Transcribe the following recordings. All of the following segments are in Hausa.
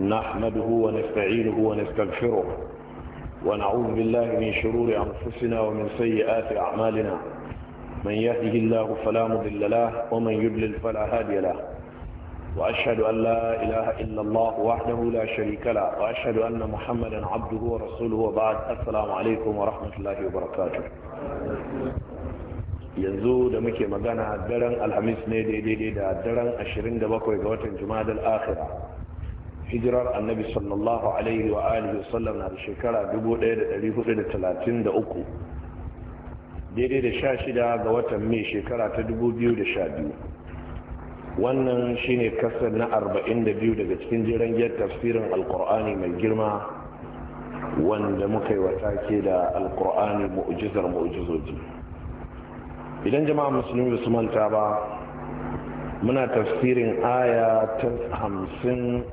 نحمده ونستعينه ونستغفره ونعوذ بالله من شرور أنفسنا ومن سيئات أعمالنا من يهده الله فلا مضل له ومن يضلل فلا هادي له وأشهد أن لا إله إلا الله وحده لا شريك له وأشهد أن محمدا عبده ورسوله وبعد السلام عليكم ورحمة الله وبركاته yanzu da muke magana daren alhamis ne daidai da daren 27 ga watan juma'adar akhira hijirar annabi sallallahu alaihi wa alihi wasallam na da shekara 1433 daidai da sha shida ga watan mai shekara ta 2012 wannan shine kasar na 42 daga cikin jirangiyar tafsirin alkur'ani mai girma wanda muka yi wata ke da alkur'ani ma'ujizar mu'ujizoji idan jama'a musulmi su manta ba muna tafsirin aya ta hamsin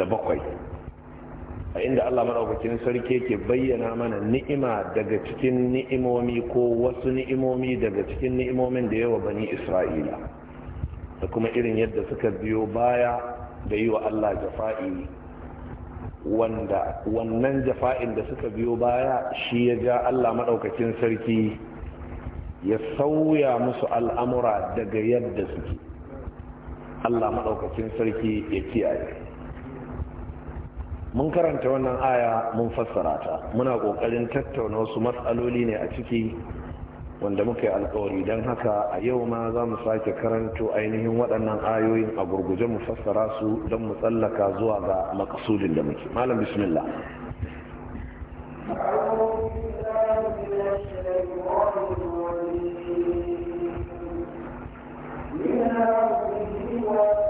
da bakwai a inda Allah maɗaukacin sarki yake bayyana mana ni'ima daga cikin ni'imomi ko wasu ni'imomi daga cikin ni'imomin da yawa bani Isra'ila da kuma irin yadda suka biyo baya da yi wa Allah jafa'i wanda wannan jafa'in da suka biyo baya shi ya ja Allah maɗaukacin sarki ya sauya musu al'amura daga yadda suke Allah maɗaukakin sarki ya kiyaye mun karanta wannan aya mun fassara ta muna ƙoƙarin tattauna wasu matsaloli ne a ciki wanda muka yi alkawari don haka a yau ma za mu sake karanto ainihin waɗannan ayoyin a gurguje mu fassara su don mu tsallaka zuwa ga makasudin da muke malam bismillah Thank you.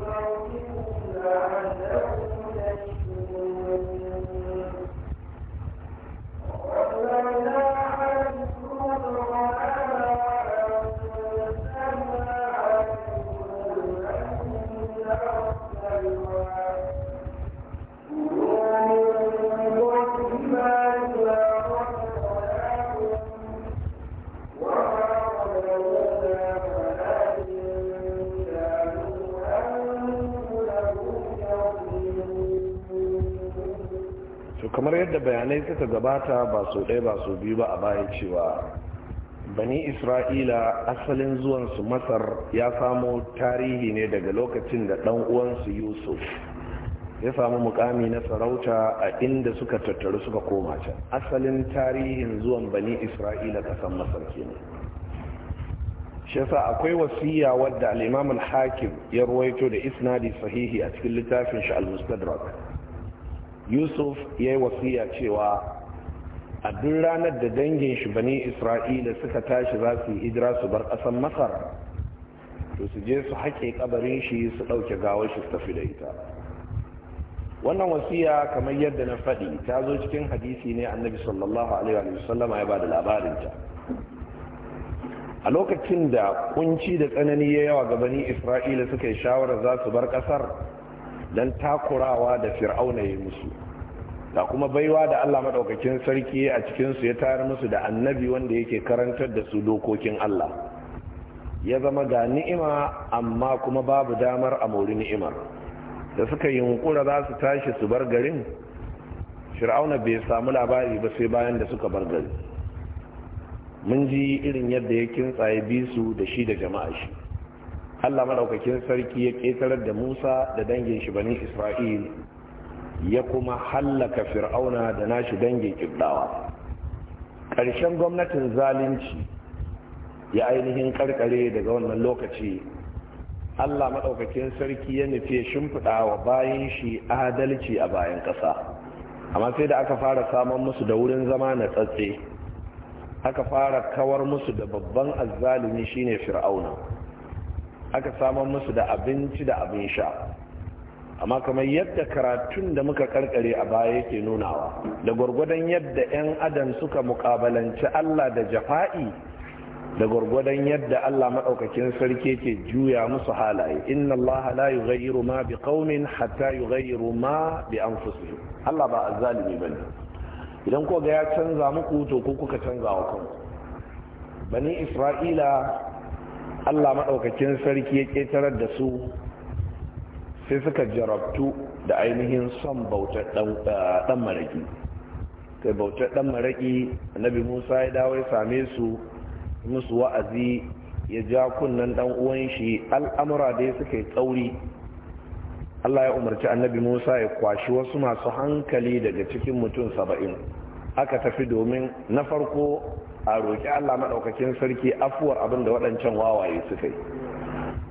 kamar yadda bayanai suka gabata ba su ɗaya ba su biyu ba a bayan cewa bani isra'ila asalin zuwansu masar ya samo tarihi ne daga lokacin da ɗan uwansu yusuf ya samu mukami na sarauta a inda suka tattaru suka koma can asalin tarihin zuwan bani isra'ila ƙasan masar kenan shi yasa akwai wasiya wadda al'imamul hakim ya ruwaito da isnadi sahihi a cikin littafin shi al-mustadrak yusuf ya yi wasiya cewa a duk ranar da dangin shi bani isra'ila suka tashi za su yi idira su bar ƙasar masar to su je su haƙe ƙabarin shi su ɗauke gawar shi tafi da ita wannan wasiya kamar yadda na faɗi ta zo cikin hadisi ne annabi sallallahu alaihi wa sallama ya bada labarinta a lokacin da kunci da tsanani ya yawa ga bani isra'ila suka yi shawarar za su bar ƙasar don takurawa da fir'auna ya musu da kuma baiwa da Allah maɗaukakin sarki a cikinsu ya tayar musu da annabi wanda yake karantar da su dokokin Allah ya zama ga ni'ima amma kuma babu damar a mori ni'imar da suka yi hunkura za su tashi su bar garin fir'auna bai samu labari ba sai bayan da suka bar gari mun ji irin yadda ya kintsaye bisu da shi da jama'a shi Allah madaukakin sarki ya ƙetarar da Musa da dangin shi bani Isra'il ya kuma hallaka fir'auna da nashi dangin kibdawa ƙarshen gwamnatin zalunci ya ainihin karkare daga wannan lokaci Allah madaukakin sarki ya nufi shimfiɗa wa bayan shi adalci a bayan ƙasa amma sai da aka fara samun musu da wurin zama na tsatse aka fara kawar musu da babban azzalumi shine fir'auna aka samar musu da abinci da abin sha amma kamar yadda karatun da muka karkare a baya yake nunawa da gwargwadon yadda 'yan adam suka mukabalanci Allah da jafa'i da gwargwadon yadda Allah maɗaukakin sarki ke juya musu halaye inna Allah la gairu ma bi qaumin hatta gairu ma bi an fusu. Allah ba ba ne, idan ko ga ya canza muku to ku kuka canza wa kanku bani Isra'ila Allah maɗaukakin sarki ya ƙetarar da su sai suka jarabtu da ainihin son bautar ɗan maraƙi kai bautar ɗan maraƙi annabi musa ya dawo ya same su musu wa'azi ya ja kunnan ɗan uwan shi al'amura da ya suka yi tsauri Allah ya umarci annabi Musa ya kwashi wasu masu hankali daga cikin mutum saba'in aka tafi domin na farko a roƙi Allah maɗaukakin sarki afuwar abin da waɗancan wawaye su kai.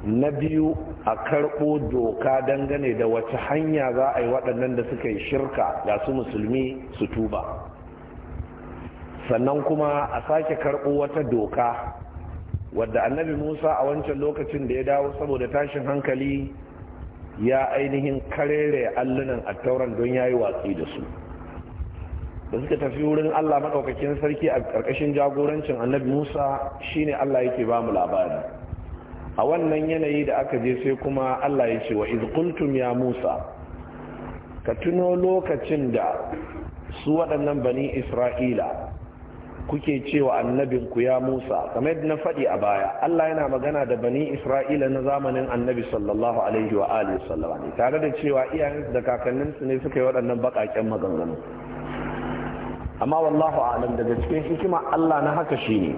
na biyu a karɓo doka dangane da wace hanya za a yi waɗannan da suka yi shirka ga su musulmi su tuba sannan kuma a sake karɓo wata doka wadda annabi musa a wancan lokacin da ya dawo saboda tashin hankali ya ainihin karere allunan tauran don ya yi watsi da su da suka tafi wurin Allah maɗaukakin sarki a ƙarƙashin jagorancin annabi Musa shi ne Allah yake ba mu labari a wannan yanayi da aka je sai kuma Allah ya ce wa izkuntum ya Musa ka tuno lokacin da su waɗannan bani Isra'ila kuke cewa annabinku ya Musa kamar na faɗi a baya Allah yana magana da bani Isra'ila na zamanin annabi sallallahu alaihi wa alihi tare da cewa iyayensu da kakanninsu ne suka yi waɗannan baƙaƙen maganganu amma wallahu alam daga cikin hikima Allah na haka shine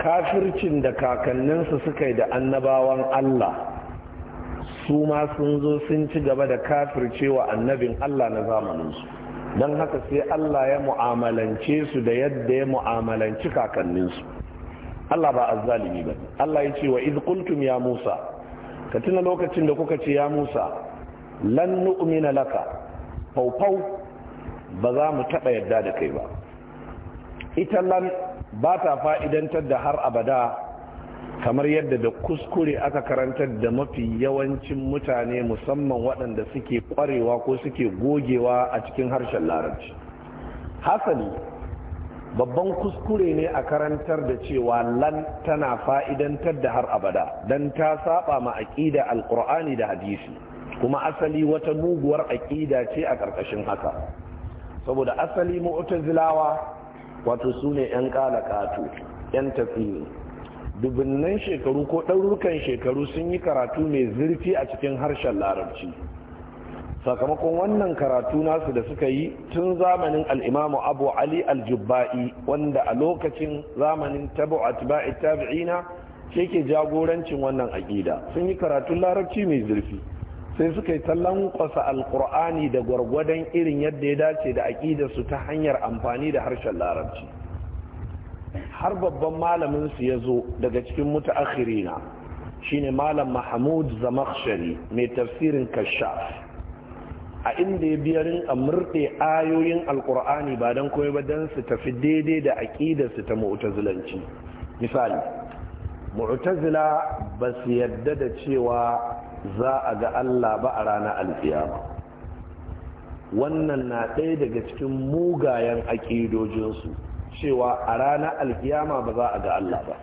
kafircin da kakanninsu suka yi da annabawan Allah su ma sun zo sun ci gaba da kafircewa annabin Allah na zamaninsu don haka sai Allah ya mu'amalance su da yadda ya mu'amalanci kakanninsu Allah ba azzalimi ba Allah ya ce wa iz qultum ya Musa ka tuna lokacin da kuka ce ya Musa lan nu'mina laka faufau ba za mu taɓa yadda da kai ba ita lan ba ta fa'idantar da har abada kamar yadda da kuskure aka karantar da mafi yawancin mutane musamman waɗanda suke ƙwarewa ko suke gogewa a cikin harshen larabci hasali babban kuskure ne a karantar da cewa lan tana fa'idantar da har abada don ta saba ma aƙida alƙur'ani da hadisi kuma asali wata muguwar aƙida ce a ƙarƙashin haka saboda asali mu'tazilawa wato su ne 'yan kalakatu 'yan tafiye dubinnan shekaru ko ɗaurukan shekaru sun yi karatu mai zurfi a cikin harshen larabci sakamakon wannan karatu nasu da suka yi tun zamanin al'imamu abu ali aljubba'i wanda a lokacin zamanin tabo a tabi'ina ke ke jagorancin wannan aƙida sun yi karatun larabci mai zurfi sai suka yi ta lankwasa alkur'ani da gwargwadon irin yadda ya dace da aƙidarsu ta hanyar amfani da harshen larabci har babban malaminsu ya zo daga cikin mutaakhirina shine malam mahmud zamakshari mai tafsirin kashaf a inda ya biya a murɗe ayoyin alkur'ani ba don komai ba don su tafi daidai da aƙidarsu ta mu'tazilanci misali mu'tazila ba su yadda da cewa za a ga Allah ba a rana alkiyama wannan na ɗaya daga cikin mugayen aƙidojinsu cewa a ranar alkiyama ba za a ga Allah ba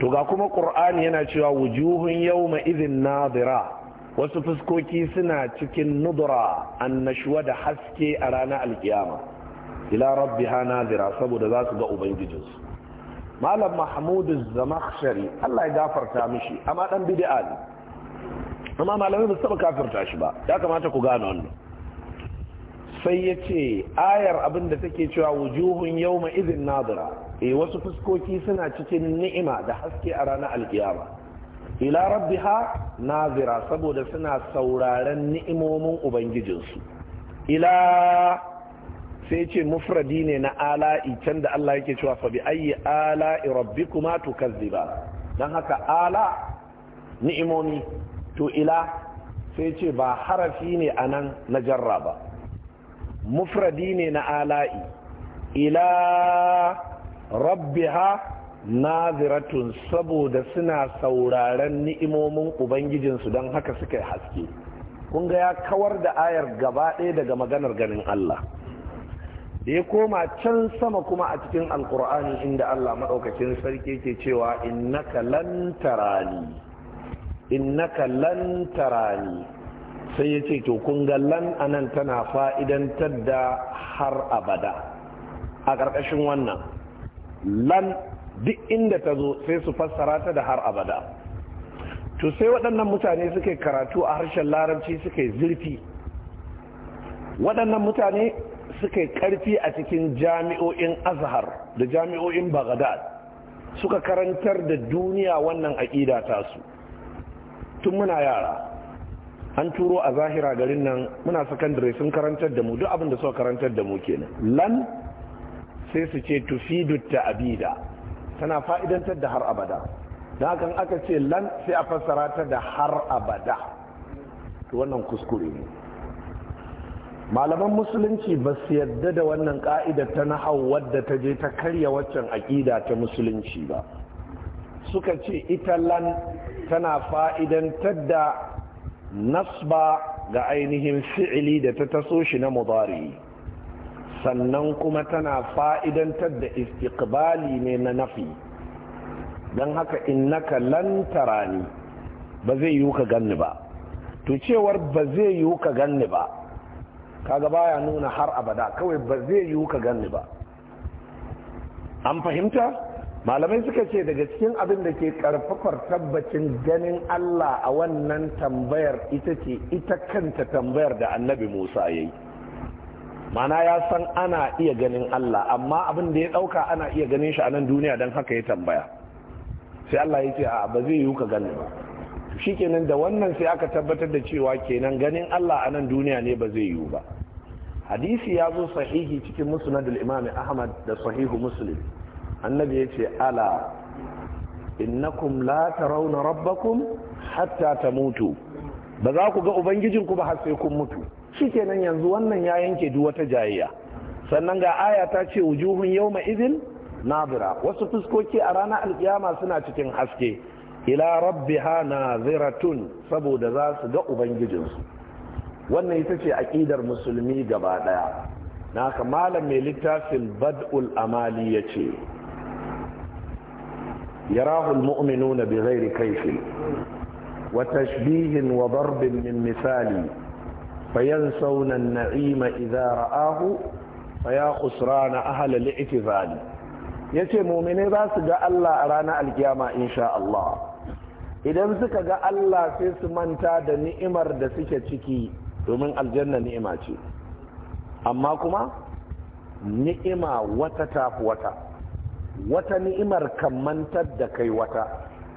to ga kuma ƙur'ani yana cewa wujuhun yawma izin nazira wasu fuskoki suna cikin nudura annashuwa da haske a ranar alkiyama ila Rabbi ha nazira saboda za su ga ubangijinsu malam mahmudu zamakshari Allah ya gafarta mishi amma dan bid'a ne amma malamai ba su taba kafirta shi ba ya kamata ku gane wannan sai yace ayar abin da take cewa wujuhun yawma idhin nadira eh wasu fuskoki suna cikin ni'ima da haske a ranar alkiyama ila rabbiha nazira saboda suna sauraren ni'imomin ubangijinsu ila sai ce mufradi ne na ala'i can da Allah yake cewa fa bi ayyi ala'i rabbikuma tukazziba dan haka ala ni'imomi to ila sai ce ba harafi ne anan na jarra ba mufradi ne na ala'i ila rabbiha naziratun saboda suna sauraren ni'imomin ubangijinsu don haka suka haske kun ga ya kawar da ayar gaba ɗaya daga maganar ganin Allah da ya koma can sama kuma a cikin alkur'ani inda Allah maɗaukacin sarki ke cewa innaka lan tarani innaka lan tarani sai ya ce to kun ga lan anan tana fa'idantar da har abada a ƙarƙashin wannan lan duk inda ta zo sai su fassara ta da har abada to sai waɗannan mutane suke karatu a harshen larabci suke zurfi waɗannan mutane suka yi karfi a cikin jami'o'in azhar da jami'o'in baghdad suka karantar da duniya wannan aƙida su. tun muna yara an turo a zahira garin nan muna sakandare sun karantar da mu duk abin da suka karantar da mu kenan lan sai su ce tufidu abida tana fa'idantar da har abada don haka aka ce lan sai a fassara ta da har abada to wannan kuskure ne malaman musulunci ba su yadda da wannan ka'ida ta nahau wadda ta je ta karya waccan aƙida ta musulunci ba suka ce ita lan tana fa'idantar da nasba ga ainihin fi'ili da ta taso shi na mudari sannan kuma tana fa'idantar da istiqbali ne na nafi don haka innaka lan ne ba zai yiwu ka ganni ba to cewar ba zai yiwu ka ganni ba kaga baya nuna har abada kawai ba zai yiwu ka ganni ba an fahimta malamai suka ce daga cikin abin da ke karfafar tabbacin ganin Allah a wannan tambayar ita ce ita kanta tambayar da annabi Musa ya yi mana ya san ana iya ganin Allah amma abin da ya ɗauka ana iya ganin shi a nan duniya don haka ya tambaya sai Allah ya ce a ba zai yiwu ka ganni ba shi kenan da wannan sai aka tabbatar da cewa kenan ganin Allah a nan duniya ne ba zai yiwu ba hadisi ya zo sahihi cikin musnadul imam ahmad da sahihu muslim annabi yace ala innakum la tarawna rabbakum hatta tamutu ba za ku ga ubangijin ku ba har sai kun mutu shikenan yanzu wannan ya yanke duk wata jayayya sannan ga aya ta ce wujuhun yawma idhin nadira wasu fuskoki a ranar alkiyama suna cikin haske ila rabbiha nadiratun saboda za su ga ubangijinsu wannan ita ce aƙidar musulmi gaba ɗaya na haka malam mai littafin bad'ul amali ya ce يراه wa بغير min misali وضرب من na'ima فينسون ra'ahu إذا رآه فيا خسران أهل الاعتزال yace mumine za su ga Allah a ranar alkiyama insha Allah idan suka ga Allah sai su manta da ni'imar da suke ciki domin aljanna ni'ima ce amma kuma ni'ima wata tafi wata wata ni'imar mantar da kai wata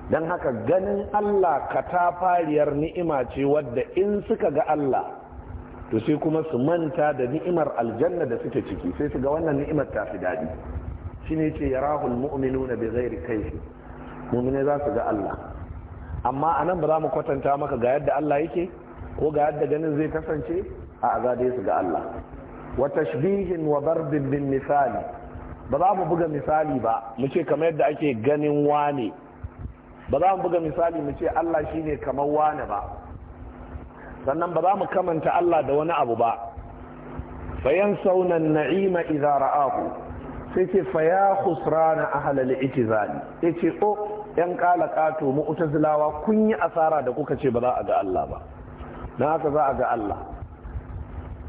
don haka ganin Allah ka katafariyar ni'ima ce wadda in suka ga Allah to sai kuma su manta da ni'imar aljanna da suke ciki sai su ga wannan ni'imar ta fi daɗi ne ce yarahul na bezairi kai shi, mu'mine za su ga Allah amma nan ba za mu kwatanta maka ga yadda Allah yake ko ga yadda ganin zai kasance a azade su ga Allah wa tashbihin wa darbin bin misali ba za mu buga misali ba mu ce kamar yadda ake ganin wane ba za mu buga misali mu ce Allah shine kamar wane ba sannan ba za mu kamanta Allah da wani abu ba fayan saunan na'ima idza ra'ahu sai ce faya khusrana ahlal itizali yace o oh, yan kala kato mu'tazilawa kun yi asara da kuka ce ba za a ga Allah ba na haka za a ga Allah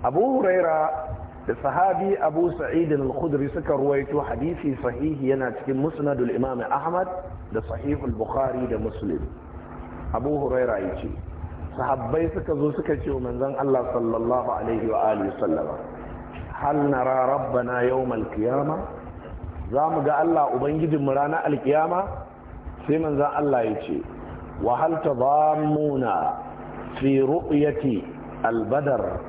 abu huraira da sahabi abu sa'id al-khudri suka ruwaito hadisi sahihi yana cikin musnadul imam ahmad da sahihul bukhari da muslim abu huraira yace sahabbai suka zo suka ce manzon Allah sallallahu alaihi wa alihi sallama hal nara rabbana al qiyama za mu ga Allah ubangijinmu ranar alkiyama sai manzon Allah yace wa hal tadammuna fi ru'yati albadar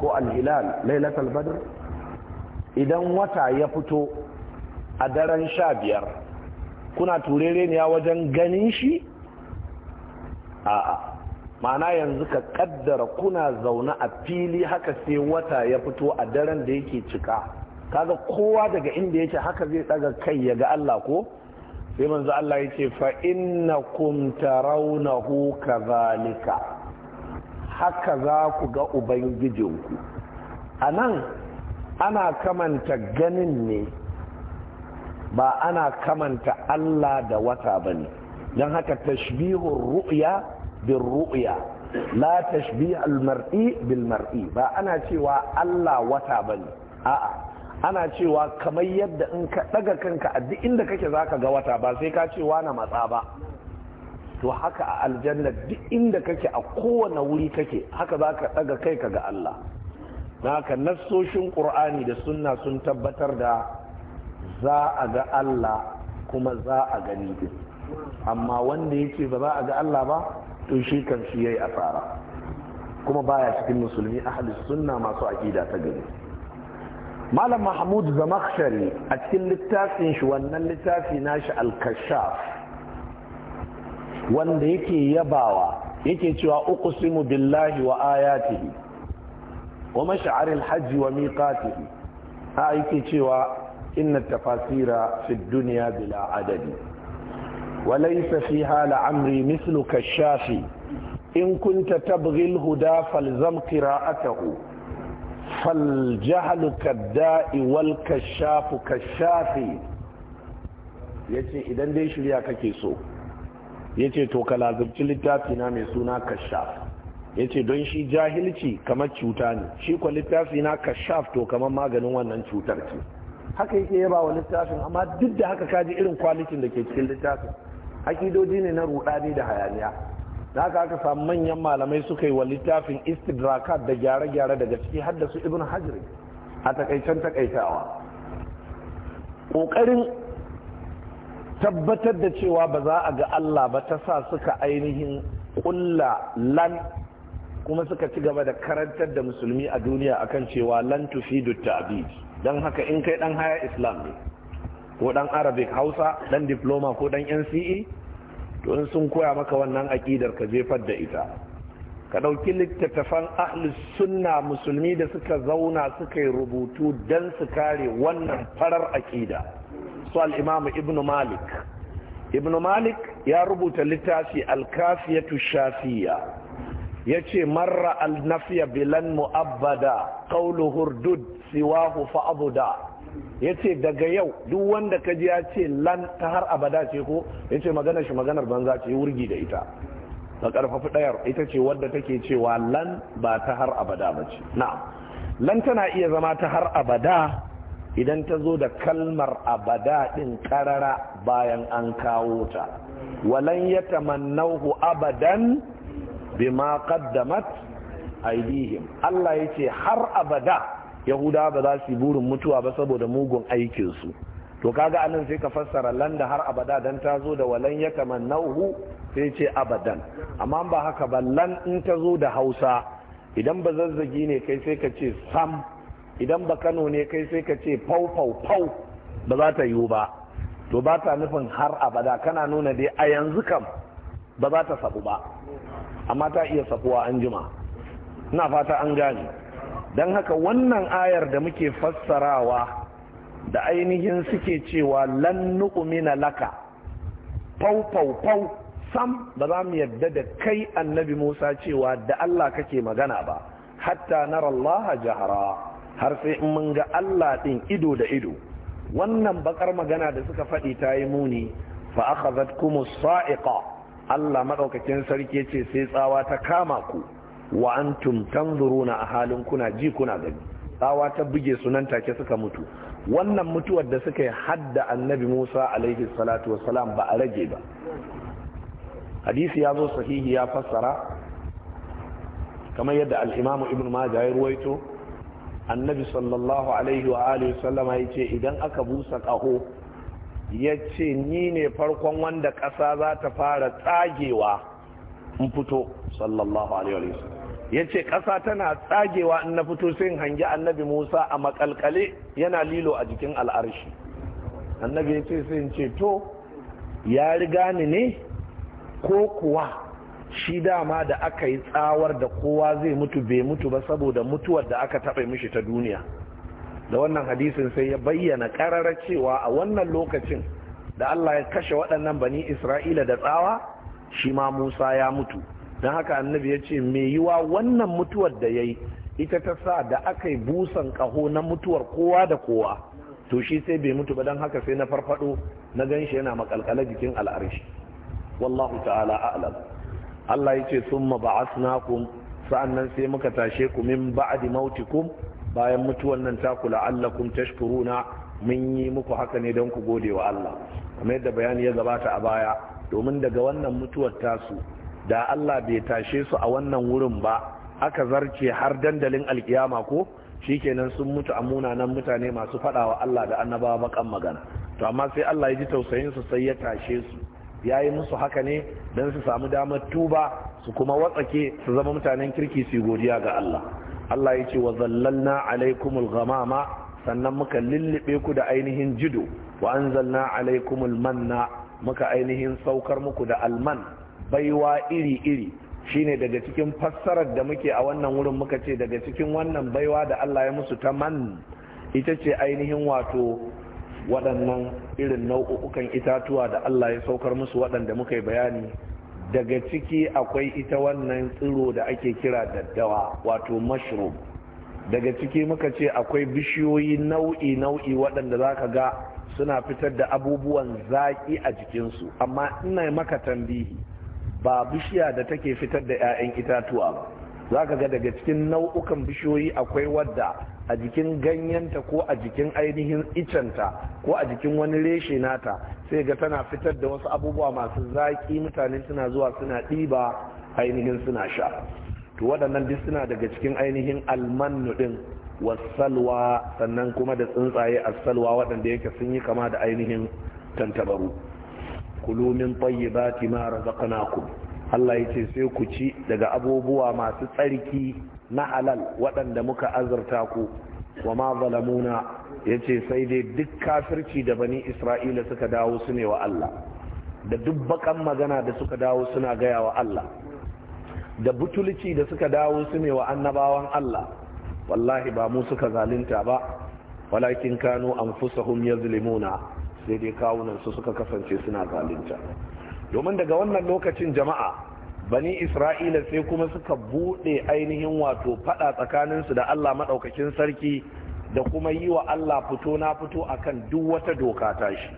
ko alhilal lailat albadar idan wata ya fito a daren sha biyar kuna turere wajen ganin shi a'a ma'ana yanzu ka ƙaddara kuna zaune a fili haka sai wata ya fito a daren da yake cika Ka ga kowa daga inda yake haka zai tsaga kai ya ga Allah ko sai manzo Allah ya ce fa innakum tarawnahu kadhalika haka za ku ga ubangijinku anan ana kamanta ganin ne ba ana kamanta Allah da wata bane don haka tashbihun ru'ya bin ru'ya la tashbih al mar'i bil mar'i ba ana cewa Allah wata bane a'a ana cewa kamar yadda in ka daga kanka a duk inda kake zaka ga wata ba sai ka ce na matsa ba to haka a aljanna duk inda kake a kowane wuri kake haka za ka daga kai ka ga Allah haka nassoshin ƙur'ani da sunna sun tabbatar da za a ga Allah kuma za a gani din amma wanda ya ce ba za a ga Allah ba to shi kan shi a asara kuma baya cikin musulmi ahlus sunna masu aƙida ta gari malam mahmud zamakshari a cikin littafin shi wannan littafi nashi al-kashaf wanda yake yabawa yake cewa uqsimu billahi wa ayatihi wa mash'aril hajj wa miqatihi ha yake cewa inna tafasira fi dunya bila adadi wa laysa fiha la'amri mithlu kashafi in kunta tabghi al-huda falzam qira'atahu فالجهل كالداء والكشاف كالشافي yace idan dai shirya kake so yace to ka littafi na mai suna kashaf yace don shi jahilci kamar cuta ne shi kwa littafi na kashaf to kamar maganin wannan cutar ce haka yake yaba wa littafin amma duk da haka kaji irin kwalitin da ke cikin littafin akidoji ne na rudani da hayaniya da haka aka samu manyan malamai suka yi wa littafin istidrakat da gyare-gyare daga ciki haddasa ibn hajri a takaicen takaitawa ƙoƙarin tabbatar da cewa ba za a ga Allah ba ta sa suka ainihin ƙulla lan kuma suka ci gaba da karantar da musulmi a duniya akan cewa lan tufidu ta'bid don haka in kai dan haya islam ne ko dan arabic hausa dan diploma ko dan nce Don sun koya maka wannan aƙidar ka jefar da ita ka ɗauki littattafan ahlus sunna musulmi da suka zauna suka yi rubutu don su kare wannan farar aƙida su al'imamu ibnu malik ibnu malik ya rubuta littafi alkafiyatu shafiya ya ce marra alnafiya bilan mu'abbada qawlu hurdud siwahu fa'abuda ya ce daga yau duk wanda ka ji ya ce lan ta har abada ce ko ya ce maganar shi maganar banza ce wurgi da ita ta karfafi ɗayar ita ce wadda take cewa lan ba ta har abada ba ce na'am lan tana iya zama ta har abada idan ta zo da kalmar abada din karara bayan an kawo ta walan ya tamannahu abadan bima qaddamat aidihim Allah yace har abada yahuda ba za su yi burin mutuwa ba saboda mugun aikinsu to kaga anan sai ka fassara landa har abada dan ta zo da walan ya tamannahu sai ce abadan amma ba haka ba lan in ta zo da hausa idan ba zazzagi ne kai sai ka ce sam idan ba kano ne kai sai ka ce fau fau fau ba za ta yiwu ba to ba ta nufin har abada kana nuna dai a yanzu kam ba za ta sabu ba amma ta iya sabuwa an jima ina fata an gane don haka wannan ayar da muke fassarawa da ainihin suke cewa lan nu'mina laka fau fau fau sam ba za mu yadda da kai annabi Musa cewa da Allah kake magana ba hatta nara Allah jahara har sai in mun ga Allah ɗin ido da ido wannan bakar magana da suka faɗi ta yi muni fa akhadhatkum as-sa'iqa Allah madaukakin sarki yace sai tsawa ta kama ku wa antum zuruna a halin kuna ji kuna gani tsawa ta buge su nan take suka mutu wannan mutuwar da suka yi hadda annabi Musa alaihi salatu wassalam ba a rage ba hadisi ya zo sahihi ya fassara kamar yadda al Ibn Majah ya ruwaito annabi sallallahu alaihi wa alihi sallama ya ce idan aka busa kaho ya ce ni ne farkon wanda ƙasa za ta fara tsagewa in fito sallallahu alaihi wa ya ce ƙasa tana tsagewa in na fito sai hangi annabi musa a makalkale yana lilo a jikin al'arshi annabi ya ce sai ce to ya riga ni ne ko kuwa shi dama da aka yi tsawar da kowa zai mutu bai mutu ba saboda mutuwar da aka taɓa mishi ta duniya da wannan hadisin sai ya bayyana ƙarara cewa a wannan lokacin da Allah ya kashe waɗannan bani Isra'ila da tsawa shi ma Musa ya mutu don haka annabi ya ce mai yiwa wannan mutuwar da ya yi ita ta sa da aka yi busan ƙaho na mutuwar kowa da kowa to shi sai bai mutu ba don haka sai na farfado na gan shi yana makalkala jikin al'arshi wallahu ta'ala a'lam Allah ya ce sun maba'asnakum sa'annan sai muka tashe ku min ba'adi mauti mautikum bayan mutuwar nan ta kula allah kum tashkuruna mun yi muku haka ne don ku gode wa Allah kamar yadda bayani ya gabata a baya domin daga wannan mutuwar tasu da Allah bai tashe su a wannan wurin ba aka zarce har dandalin alkiyama ko shikenan sun mutu a munanan mutane masu faɗawa Allah da annabawa bakan magana to amma sai Allah ya ji tausayin su sai ya tashe su yayi musu haka ne dan su samu damar tuba su kuma watsake su zama mutanen kirki su godiya ga Allah Allah ya ce wa zallalna alaikumul ghamama sannan muka lullube ku da ainihin jido wa anzalna alaikumul manna muka ainihin saukar muku da alman baiwa iri-iri shi ne daga cikin fassarar da muke a wannan wurin muka ce daga cikin wannan baiwa da Allah ya musu ta man ita ce ainihin wato waɗannan irin nau'ukan itatuwa da Allah ya saukar musu waɗanda muka yi bayani daga ciki akwai ita wannan tsiro da ake kira daddawa wato mushroom daga ciki muka ce akwai bishiyoyi nau'i nau'i waɗanda za ka ga suna fitar da abubuwan zaƙi a jikinsu amma ina maka tambihi ba bishiya da take fitar da 'ya'yan itatuwa ba za ka ga daga cikin nau'ukan bishiyoyi akwai wadda a jikin ganyenta ko a jikin ainihin icenta ko a jikin wani reshe nata sai ga tana fitar da wasu abubuwa masu zaƙi mutane suna zuwa suna ɗiba ainihin suna sha to waɗannan duk suna daga cikin ainihin almanu ɗin wasalwa sannan kuma da tsuntsaye a salwa waɗanda yake sun yi kama da ainihin tantabaru kulu min tayyibati ma razaqnakum Allah yace sai ku ci daga abubuwa masu tsarki na halal waɗanda muka azurta ku wa ma zalamuna yace sai dai duk kafirci da bani Isra'ila suka dawo su ne wa Allah da duk bakan magana da suka dawo suna gaya wa Allah da butulci da suka dawo su ne wa annabawan Allah wallahi ba mu suka zalunta ba walakin kanu anfusahum yazlimuna sai dai kawunan su suka kasance suna zalunta domin daga wannan lokacin jama'a bani isra'ila sai kuma suka bude ainihin wato fada tsakaninsu da allah maɗaukakin sarki da kuma yi wa allah fito na fito akan duk wata doka ta shi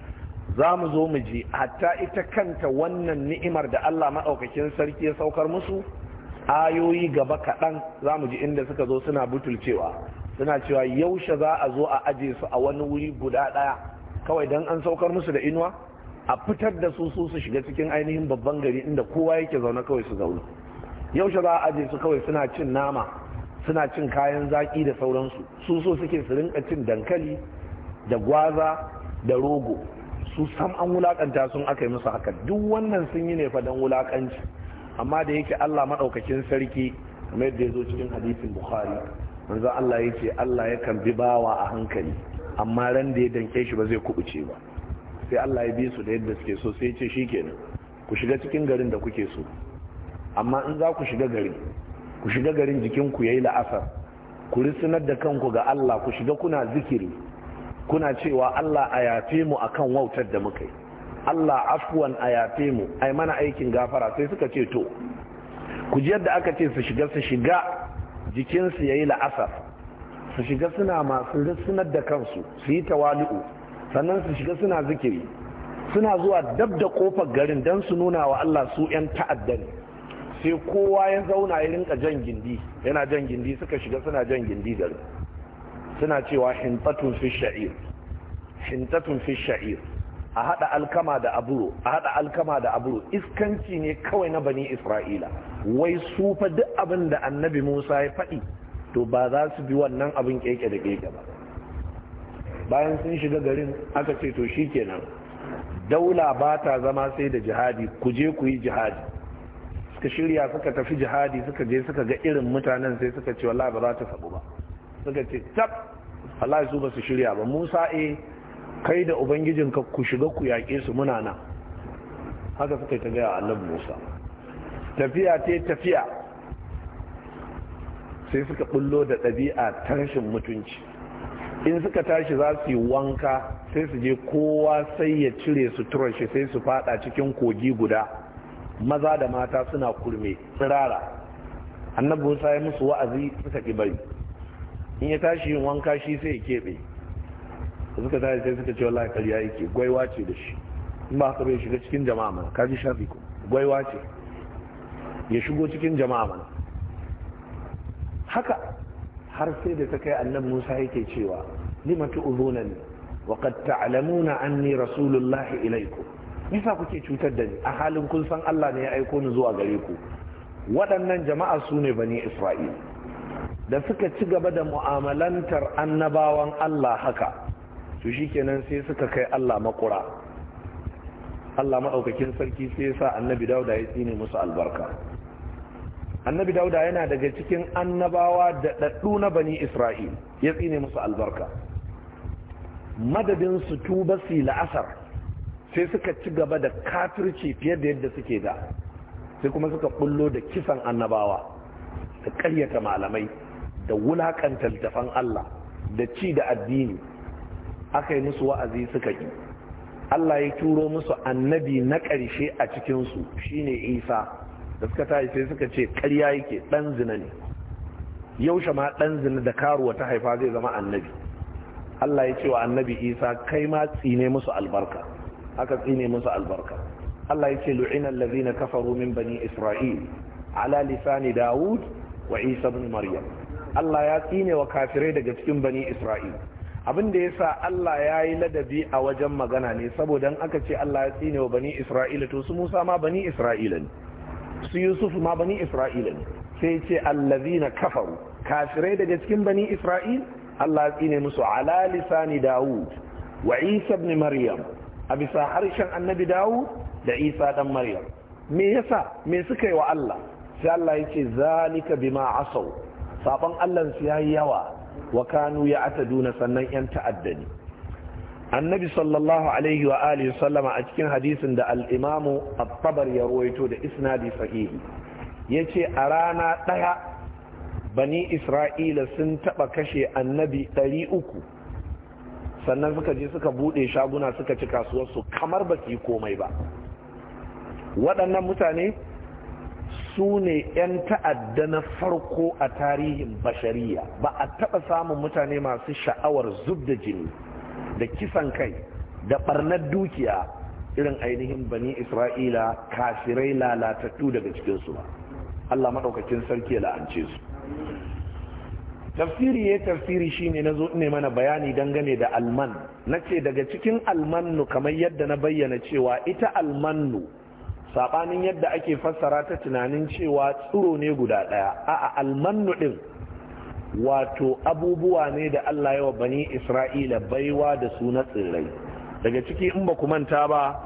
za mu zo mu ji hatta ita kanta wannan ni'imar da allah maɗaukakin sarki ya saukar musu ayoyi gaba kaɗan za mu ji inda suka zo suna butulcewa suna cewa yaushe za a zo a aje su a wani wuri guda ɗaya kawai don an saukar musu da inuwa a fitar da su su su shiga cikin ainihin babban gari inda kowa yake zaune kawai su zaune yaushe za a aje su kawai suna cin nama suna cin kayan zaki da sauransu su so suke su rinka cin dankali da gwaza da rogo su sam an wulakanta sun aka yi musu haka duk wannan sun yi ne fadan wulakanci amma da yake Allah maɗaukakin sarki kamar yadda ya zo cikin hadisin bukhari manzo Allah yake Allah yakan bi bawa a hankali amma ran da ya danke shi ba zai kubuce ba sai Allah ya bi su da yadda suke so sai ce shikenan ku shiga cikin garin da kuke so amma in za ku shiga garin ku shiga garin jikin ku yayi la'asar ku risunar da kanku ga Allah ku shiga kuna zikiri kuna cewa Allah a yafe mu akan wautar da muka yi Allah afwan a yafe mu ai mana aikin gafara sai suka ce to ku ji yadda aka ce su shiga su shiga jikinsu yayi la'asar su shiga suna masu rissunar da kansu su yi tawali'u sannan su shiga suna zikiri suna zuwa dab da kofar garin don su nuna wa Allah su 'yan ta'addan. sai kowa ya zauna ya rinka jan gindi yana jan gindi suka shiga suna jan gindi garin suna cewa hintatun fi sha'ir hintatun fi sha'ir a hada alkama da aburo a hada alkama da aburo iskanci ne kawai na bani isra'ila wai su fa duk abin da annabi musa ya faɗi to ba za su bi wannan abin keke da keke ba bayan sun shiga garin aka ce to shi kenan daula ba ta zama sai da jihadi ku je ku yi jihadi suka shirya suka tafi jihadi suka je suka ga irin mutanen sai suka ce wallahi ba za ta sabu ba suka ce tab wallahi su ba su shirya ba musa e kai da ubangijinka ku shiga ku yaƙe su muna nan haka suka ta gaya Allah musa tafiya ce tafiya sai suka bullo da ɗabi'a ta rashin mutunci in suka tashi za su yi wanka sai su je kowa sai ya cire su shi sai su fada cikin kogi guda maza da mata suna kurme tsirara annabu sa yi musu wa'azi suka ƙi bari in ya tashi yin wanka shi sai ya keɓe suka tashi sai suka ce wallahi yi yake gwaiwa ce da shi in ba haka bai shiga cikin jama'a mana ji shafi ko gwaiwa ce ya shigo cikin jama'a mana haka har sai da ta kai annabi Musa yake cewa limatu uzunan wa qad ta'lamuna anni rasulullahi ilaikum nisa kuke cutar da ni a halin kun san Allah ne ya aiko ni zuwa gare ku waɗannan jama'a su ne bani Isra'il da suka ci gaba da mu'amalantar annabawan Allah haka to shikenan sai suka kai Allah makura Allah maɗaukakin sarki sai ya sa annabi dauda ya tsine musu albarka annabi dauda yana daga cikin annabawa da daddu na bani isra'il ya tsine musu albarka madadin su tuba su la'asar sai suka ci gaba da katurci fiye da yadda suke da sai kuma suka kullo da kisan annabawa da karyata malamai da wulakanta tafan Allah da ci da addini aka yi musu wa'azi suka yi. Allah ya turo musu annabi na ƙarshe a cikinsu shine Isa da suka tashi sai suka ce ƙarya yake ɗan zina ne yaushe ma ɗan zina da karuwa ta haifa zai zama annabi Allah ya ce wa annabi Isa kai ma tsine musu albarka aka tsine musu albarka Allah ya ce lu'ina na kafaru min bani Isra'il ala lisani Dawud wa Isa ibn Maryam Allah ya tsine wa kafirai daga cikin bani Isra'il abin da yasa Allah ya yi ladabi a wajen magana ne saboda aka ce Allah ya tsine wa bani Isra'ila to su Musa ma bani Isra'ila ne su yusuf ma bani isra'ila ne sai ce allazina kafaru kafirai daga cikin bani isra'il Allah ya tsine musu ala lisani daud wa isa ibn maryam a bisa harshen annabi Dawu da isa dan maryam me yasa me suka yi wa Allah sai Allah ya ce zalika bima asau saban Allah su yayi yawa wa kanu ya ataduna sannan yan ta'addani annabi sallallahu alaihi wa alihi sallama a cikin hadisin da al-imamu ya ruwaito da isnadi sahihi yace a rana ɗaya bani isra'ila sun taba kashe annabi ɗari uku sannan suka je suka buɗe shaguna suka ci kasuwarsu kamar ba su yi komai ba waɗannan mutane su ne 'yan ta'adda na farko a tarihin bashariya ba a taɓa samun mutane masu sha'awar zub da jini da kisan kai da barnar dukiya irin ainihin bani isra'ila kafirai lalatattu daga cikinsu ba allah maɗaukacin sarki ya la'ance su tafsiri ya tafsiri shine na zo ne mana bayani dangane da alman na ce daga cikin almannu kamar yadda na bayyana cewa ita almannu saɓanin yadda ake fassara ta tunanin cewa tsiro ne guda ɗaya a'a almannu ɗin wato abubuwa ne da Allah yawa bani Isra'ila baiwa da su na tsirrai daga ciki in ba ku manta ba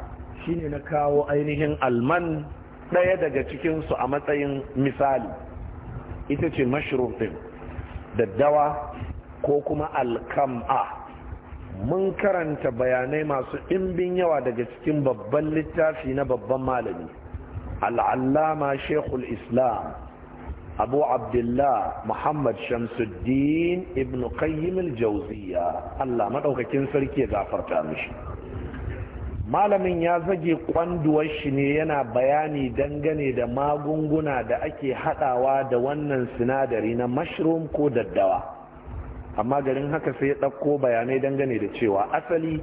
shine na kawo ainihin alman ɗaya daga cikinsu a matsayin misali ita ce mashrufin daddawa ko kuma alkam'a mun karanta bayanai masu ɗimbin yawa daga cikin babban littafi na babban malami al'allama shekul islam abu abdullah muhammad shamsuddin ibn qayyim al Allah madaukakin sarki ya gafarta mishi malamin ya zage kwanduwar shi ne yana bayani dangane da magunguna da ake haɗawa da wannan sinadari na mashrum ko daddawa amma garin haka sai ya ɗauko bayanai dangane da cewa asali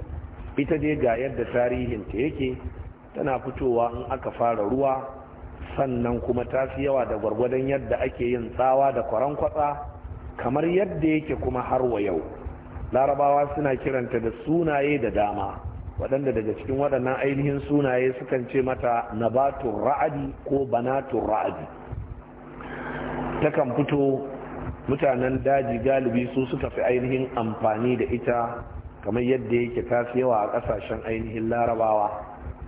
ita dai ga yadda tarihinta yake tana fitowa in aka fara ruwa sannan kuma ta fi yawa da gwargwadon yadda ake yin tsawa da kwatsa kamar yadda yake kuma har wa yau larabawa suna kiranta da sunaye da dama waɗanda daga cikin waɗannan ainihin sunaye sukan ce mata na nabatun ra'adi ko banatun ra'adi takan fito mutanen daji galibi su suka fi ainihin amfani da ita kamar yadda yake tafi yawa a ƙasashen ainihin larabawa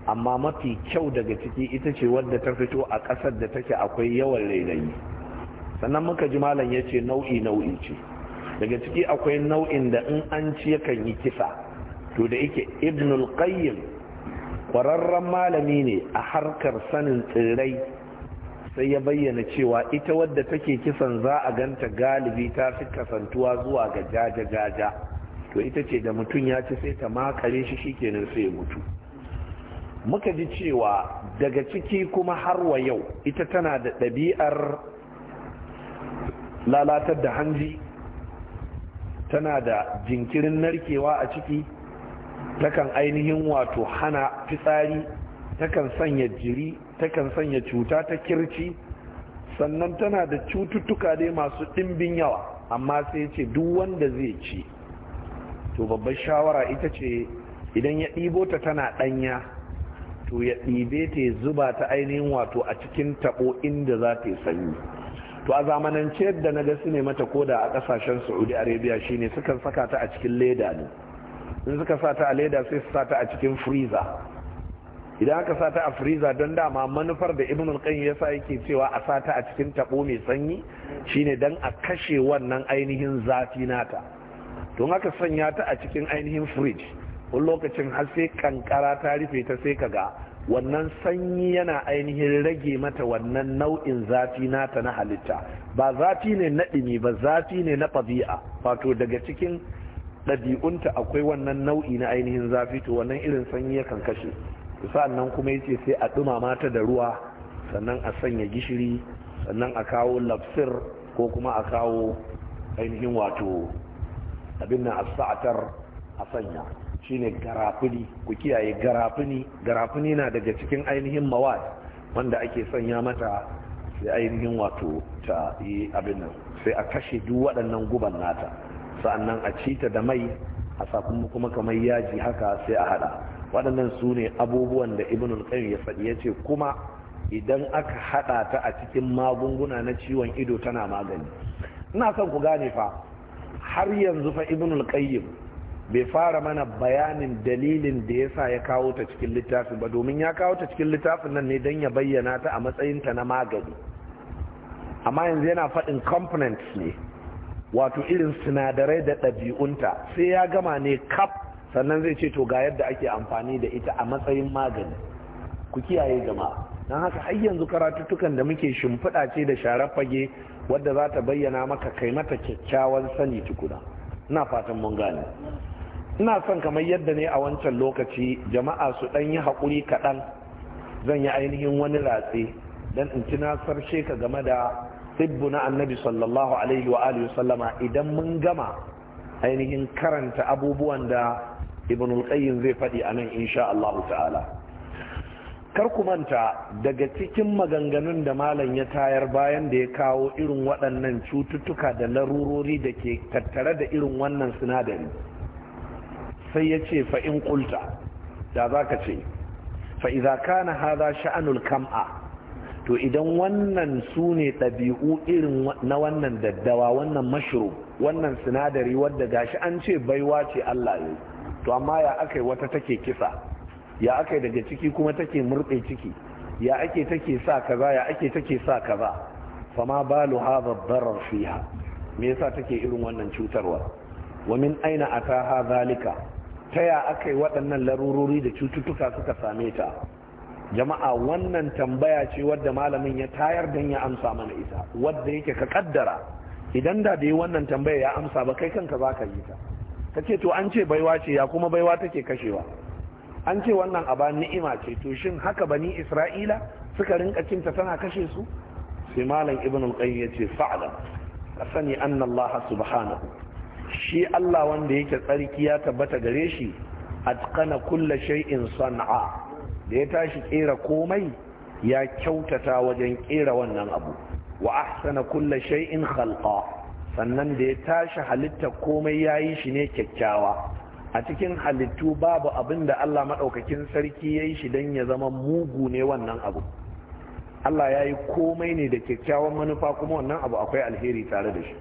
amma mafi kyau daga ciki ita ce wadda ta fito a ƙasar da take akwai yawan rairayi sannan muka ji malam ya ce nau'i nau'i ce daga ciki akwai nau'in da in an ci yakan yi kisa to da yake ibnul qayyim kwararren malami ne a harkar sanin tsirrai sai ya bayyana cewa ita wadda take kisan za a ganta galibi ta fi kasantuwa zuwa ga jaja-jaja to ita ce da mutum ya ci sai ta makare shi shikenan sai ya mutu muka ji cewa daga ciki kuma har wa yau ita tana da ɗabi'ar lalatar da hanji tana da jinkirin narkewa a ciki takan ainihin wato hana fitsari takan sanya jiri takan sanya cuta ta kirci sannan tana da cututtuka dai masu ɗimbin yawa amma sai ce duk wanda zai ci to babbar shawara ita ce idan ya ɗibo ta tana ɗanya to ya ɗibe ta ya zuba ta ainihin wato a cikin taɓo inda za ta yi sanyi to a zamanance da na ga su ne mata koda a ƙasashen saudi arabia shine sukan saka ta a cikin leda ne in suka sa ta a leda sai su sa ta a cikin freezer idan aka sa ta a freezer don dama manufar da ibn al ya yasa yake cewa a sa ta a cikin taɓo mai sanyi shine dan a kashe wannan ainihin zafi nata don haka sanya ta a cikin ainihin fridge wani lokacin har sai kankara ta rufe ta sai kaga wannan sanyi yana ainihin rage mata wannan nau'in zafi nata na halitta ba zafi ne na ɗumi ba zafi ne na ɗabi'a wato daga cikin ɗabi'unta akwai wannan nau'i na ainihin zafi to wannan irin sanyi ya kan kashe nan kuma yace sai a ɗumama ta da ruwa sannan a sanya gishiri sannan a kawo lafsir ko kuma a kawo ainihin wato abin nan a sa'atar a sanya shine garafuni ku kiyaye garafuni garafuni na daga cikin ainihin mawad wanda ake sanya mata sai ainihin wato ta yi abin nan sai a kashe duk waɗannan guban nata sa'annan a cita da mai a sakon kuma kamar yaji haka sai a hada waɗannan su ne abubuwan da ibn al-qayyim ya faɗi ya ce kuma idan aka hada ta a cikin magunguna na ciwon ido tana magani ina son ku gane fa har yanzu fa ibn al-qayyim bai fara mana bayanin dalilin da ya sa ya kawo ta cikin littafin ba domin ya kawo ta cikin littafin nan ne don ya bayyana ta a matsayinta na magani amma yanzu yana faɗin components ne wato irin sinadarai da ɗabi'unta sai ya gama ne kaf sannan zai ce to ga yadda ake amfani da ita a matsayin magani ku kiyaye jama'a don haka har yanzu karatuttukan da muke shimfiɗa ce da sharar fage wadda za ta bayyana maka kai mata kyakkyawan sani tukuna ina fatan mun gane ina son kamar yadda ne a wancan lokaci jama'a su ɗan yi haƙuri kaɗan zan yi ainihin wani ratse don in ci nasar sheka game da sibbu na annabi sallallahu alaihi wa alihi sallama idan mun gama ainihin karanta abubuwan da ibn al zai faɗi a nan insha Allah ta'ala kar ku manta daga cikin maganganun da malam ya tayar bayan da ya kawo irin waɗannan cututtuka da larurori da ke tattare da irin wannan sinadari sai ya ce fa'in ƙulta da za ka ce fa'iza kana haza sha'anul kam'a to idan wannan su ne ɗabi'u irin na wannan daddawa wannan mashuru wannan sinadari wadda ga shi an ce baiwa ce Allah ya to amma ya aka yi wata take kisa ya aka yi daga ciki kuma take murɗe ciki ya ake take sa kaza ya ake take sa kaza ma balu haza barar fiha me yasa take irin wannan cutarwa wa min aina ataha zalika ta ya aka yi waɗannan larurori da cututtuka suka same ta jama'a wannan tambaya ce wadda malamin ya tayar don ya amsa mana ita wadda yake ka kaddara idan da bai wannan tambaya ya amsa ba kai kanka za ka yi ta ka ce to an ce baiwa ce ya kuma baiwa take kashewa an ce wannan ba ni'ima ce to shin haka bani isra'ila suka rinka cinta tana kashe su sai malam ibn al-qayyim ya ce fa'ala sani anna allaha subhanahu shi Allah wanda yake tsarki ya tabbata gare shi atqana kulla shay'in san'a da ya tashi kera komai ya kyautata wajen kera wannan abu wa ahsana kulla shay'in khalqa sannan da ya tashi halitta komai yayi shi ne kyakkyawa a cikin halittu babu abinda Allah maɗaukakin sarki yayi shi dan ya zama mugu ne wannan abu Allah ya yi komai ne da kyakkyawan manufa kuma wannan abu akwai alheri tare da shi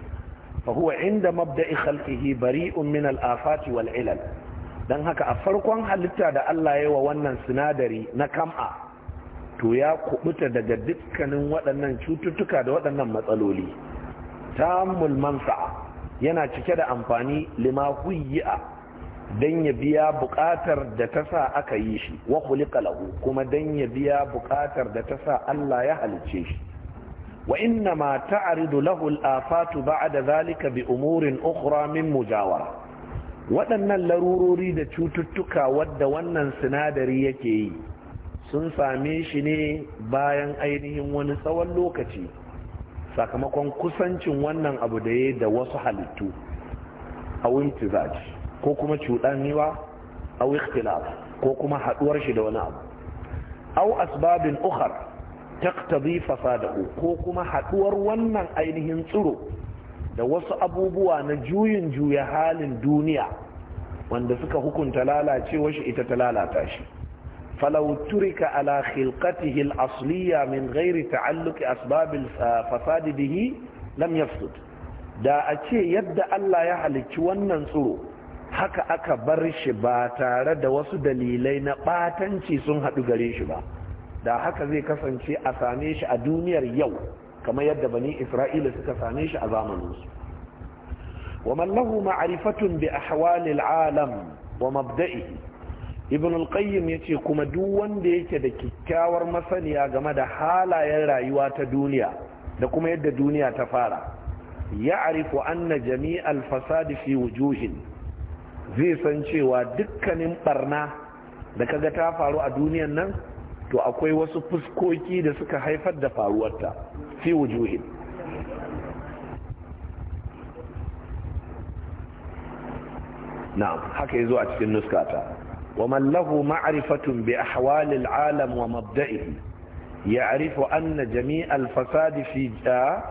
fa inda mabda'i khalqihi bari'un min al-afati wal ilal dan haka a farkon halitta da Allah ya yi wa wannan sinadari na kam'a to ya kubuta daga dukkanin waɗannan cututtuka da waɗannan matsaloli tamul manfa'a yana cike da amfani lima huyi'a dan ya biya buƙatar da ta sa aka yi shi wa khuliqa kuma dan ya biya buƙatar da ta sa Allah ya halice shi وإنما تعرض له الآفات بعد ذلك بأمور أخرى من مجاورة waɗannan larurori da cututtuka wadda wannan sinadari yake yi sun same shi ne bayan ainihin wani tsawon lokaci sakamakon kusancin wannan abu da ya da wasu halittu a wintizaj ko kuma cuɗaniwa a wiktilaf ko kuma haɗuwar shi da wani abu au asbabin ukhar taqtadi fasadahu ko kuma haduwar wannan ainihin tsiro da wasu abubuwa na juyin juya halin duniya wanda suka hukunta lalacewar shi ita ta lalata shi falau turika ala khilqatihi al-asliya min ghairi ta'alluqi asbabil al ah, bihi lam yafsud da a ce yadda Allah ya halicci wannan tsiro haka aka bar shi ba tare da wasu dalilai na batanci sun haɗu gare shi ba da haka zai kasance a same shi a duniyar yau kamar yadda bani isra'ila suka same shi a zamaninsu wa mallahu ma'arifatun bi ahwalil alam wa mabda'i ibn al-qayyim yace kuma duk wanda yake da kyakkyawar masaniya game da halayen rayuwa ta duniya da kuma yadda duniya ta fara ya'rifu anna jami'al fasadi fi wujuhin zai san cewa dukkanin barna da kaga ta faru a duniyar nan to akwai wasu fuskoki da suka haifar da faruwarta fi wujuhin na haka yi a cikin nuskata wa mallahu ma'arifatun bi ahwalil alam wa mabda'ihi ya arifu anna jami'al fasadi fi ja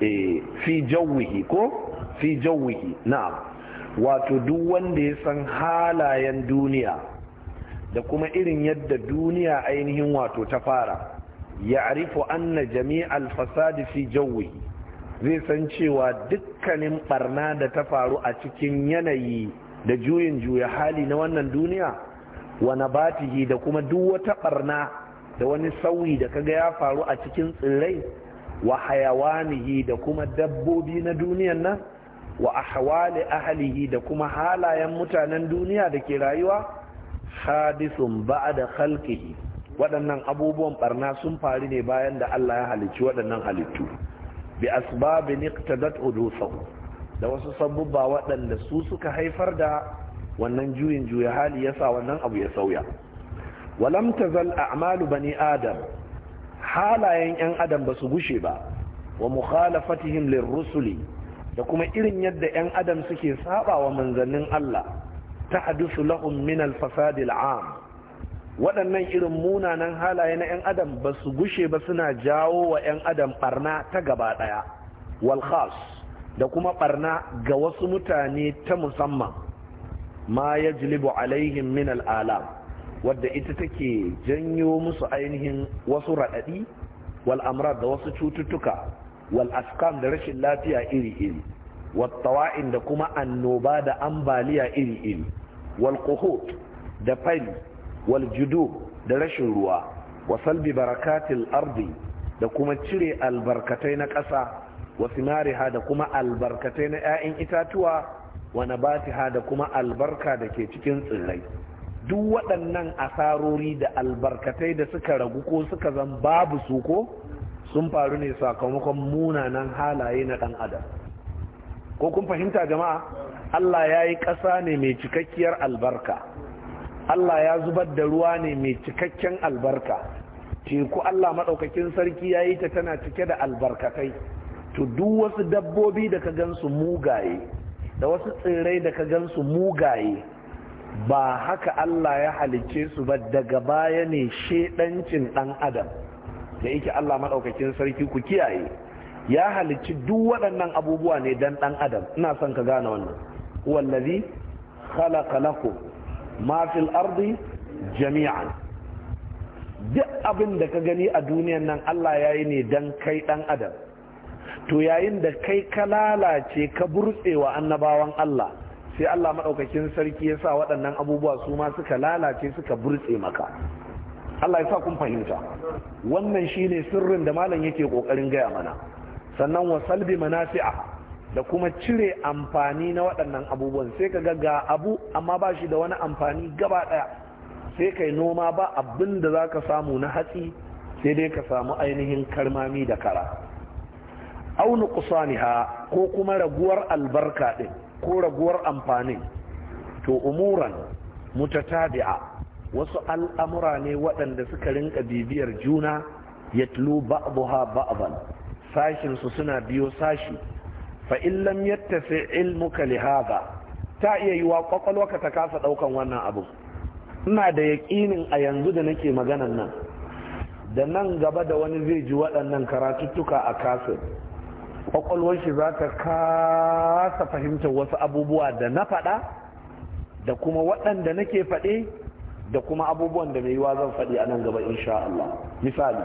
e ko fi jawwihi na wato duk wanda ya san halayen duniya da kuma irin yadda duniya ainihin wato ta fara ya Annajami anna jami'al fasadi fi jawi zai san cewa dukkanin barna da ta faru a cikin yanayi da juyin juya hali na wannan duniya wa nabatihi da kuma duk wata barna da wani sauyi da kaga ya faru a cikin tsirrai wa hayawanihi da kuma dabbobi na duniyan nan wa ahwali ahalihi da kuma halayen mutanen duniya da ke rayuwa hadisun da khalqihi waɗannan abubuwan barna sun faru ne bayan da Allah ya halicci waɗannan halittu bi asbabin iqtadat udusahu da wasu sabubba waɗanda su suka haifar da wannan juyin juya hali yasa wannan abu ya sauya walam tazal a'malu bani adam halayen yan adam ba su gushe ba wa mukhalafatihim lirrusuli da kuma irin yadda yan adam suke saba wa manzannin Allah tahdusu lahum min al-fasad waɗannan irin munanan halaye na 'yan adam ba su gushe ba suna jawo wa 'yan adam barna ta gaba ɗaya wal da kuma barna ga wasu mutane ta musamman ma ya jilibu alaihim min al'alam wadda ita take janyo musu ainihin wasu raɗaɗi wal amra da wasu cututtuka wal askam da rashin lafiya iri-iri wattawa'in da kuma annoba da ambaliya iri-iri wal da fari wal da rashin ruwa wa salbi barakatil ardi da kuma cire albarkatai na ƙasa wa simariha da kuma albarkatai na 'ya'yan itatuwa wa nabatiha da kuma albarka da ke cikin tsirrai duk waɗannan asarori da albarkatai da suka ragu ko suka zan babu su ko sun faru ne sakamakon munanan halaye na ɗan adam ko kun fahimta jama'a Allah ya yi ƙasa ne mai cikakkiyar albarka Allah ya zubar da ruwa ne mai cikakken albarka teku Allah maɗaukakin sarki ya yi ta tana cike da albarkatai to duk wasu dabbobi da ka gansu mugaye da wasu tsirrai da ka gansu mugaye ba haka Allah ya halicce su ba daga baya ne shedancin ɗan adam da yake Allah maɗaukakin sarki ku kiyaye ya halicci duk waɗannan abubuwa ne dan ɗan adam ina son ka gane wannan wallazi khalaqa lakum ma fil ardi jami'an duk abin da ka gani a duniyan nan Allah ya yi ne dan kai ɗan adam to yayin da kai ka lalace ka burtsewa annabawan Allah sai Allah maɗaukakin sarki ya sa waɗannan abubuwa su ma suka lalace suka burtse maka Allah ya sa kun fahimta wannan shine sirrin da malam yake ƙoƙarin gaya mana sannan wa salbi manafi'a da kuma cire amfani na waɗannan abubuwan sai ka ga abu amma ba shi da wani amfani gaba ɗaya sai kai noma ba abin da za ka samu na hatsi sai dai ka samu ainihin karmami da kara aunu kusaniha ko kuma raguwar albarka ɗin ko raguwar amfanin to umuran mutatabi'a wasu al'amura ne waɗanda suka rinka bibiyar juna ya tulu ha ba'aban su suna biyo sashi fa illam yattafi ilmuka li ta iya yiwa kwakwalwarka ta kasa ɗaukan wannan abu ina da yaƙinin a yanzu da nake maganan nan da nan gaba da wani zai ji waɗannan karatuttuka a kasir kwakwalwar shi za ta kasa fahimtar wasu abubuwa da na faɗa da kuma waɗanda nake faɗe da kuma abubuwan da mai yiwa zan faɗi a nan gaba insha Allah misali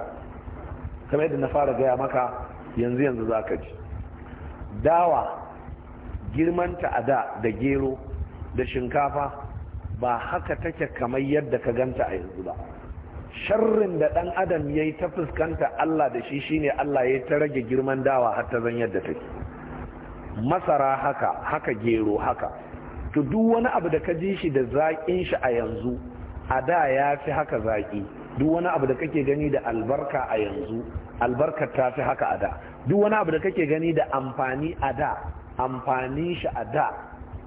kamar yadda na fara gaya maka yanzu yanzu za ka ji dawa girmanta a da da gero da shinkafa ba haka take kamar yadda ka ganta a yanzu ba sharrin da ɗan adam ya yi ta fuskanta Allah da shi shine Allah ya ta rage girman dawa har ta zan yadda take masara haka haka gero haka to duk wani abu da ka ji shi da zaƙin shi a yanzu a da ya fi haka zaƙi duk wani abu da kake gani da albarka a yanzu albarkar ta fi haka a da duk wani abu da kake gani da amfani a da amfanin shi a da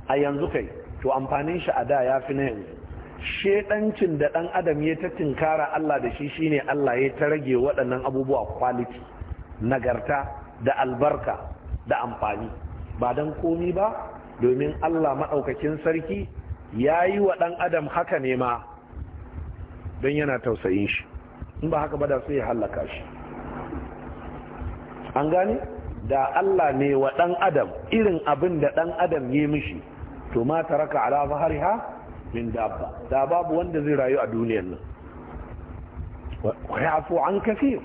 a yanzu kai to amfanin shi a da ya fi na yanzu shedancin da dan adam ya ta tinkara Allah da shi shine Allah ya ta rage waɗannan abubuwa quality nagarta da albarka da amfani ba dan komi ba domin Allah maɗaukakin sarki ya yi wa ɗan adam haka ne ma don yana tausayin shi in ba haka ba da sai ya hallaka shi an gani da Allah ne wa ɗan adam irin abin da ɗan adam ya mishi to ma taraka ala zahariha min dabba da babu wanda zai rayu a duniyar nan wa yafu an kafir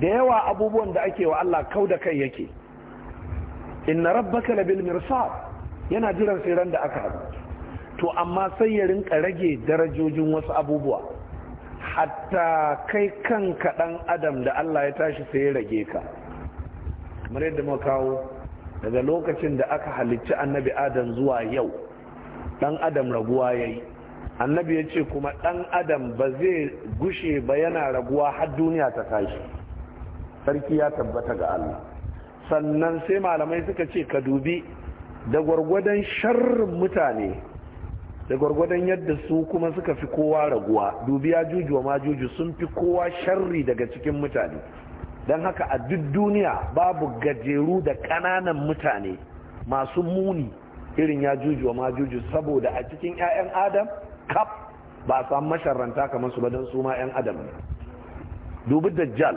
da yawa abubuwan da ake wa Allah kau da kai yake inna rabbaka labil mirsad yana jiran sai da aka haɗu to amma sai ya rinka rage darajojin wasu abubuwa hatta kai kanka dan adam da Allah ya tashi sai ya rage ka kamar yadda muka kawo daga lokacin da aka halicci annabi adam zuwa yau ɗan adam raguwa yayi annabi ya ce kuma ɗan adam ba zai gushe ba yana raguwa har duniya ta tashi sarki ya tabbata ga Allah sannan sai malamai suka ce ka dubi da gwargwadon sharrin mutane da gwargwadon yadda su kuma suka fi kowa raguwa dubi ya juju wa majuju sun fi kowa sharri daga cikin mutane don haka a duk duniya babu gajeru da ƙananan mutane masu muni irin ya juju wa majuju saboda a cikin 'ya'yan adam kaf ba samu masharanta kamar su ba don su ma 'yan adam ne dubi dajjal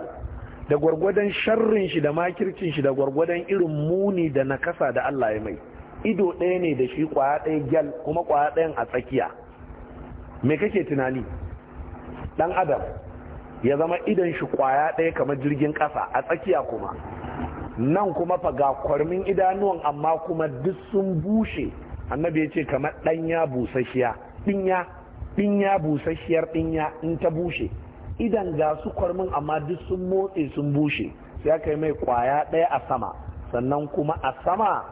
da gwargwadon sharrin shi da makircin shi da gwargwadon irin muni da nakasa da allah ya mai ido ɗaya ne da shi kwaya ɗaya gyal kuma kwaya ɗayan a tsakiya me kake tunani ɗan adam ya zama idon shi kwaya ɗaya kamar jirgin ƙasa a tsakiya kuma nan kuma fa ga kwarmin idanuwan amma kuma duk sun bushe annabi ya ce kamar ɗanya busasshiya ɗinya ɗinya busasshiyar ɗinya in ta bushe idan ga su kwarmin amma duk sun motse sun bushe sai aka yi mai kwaya ɗaya a sama sannan kuma a sama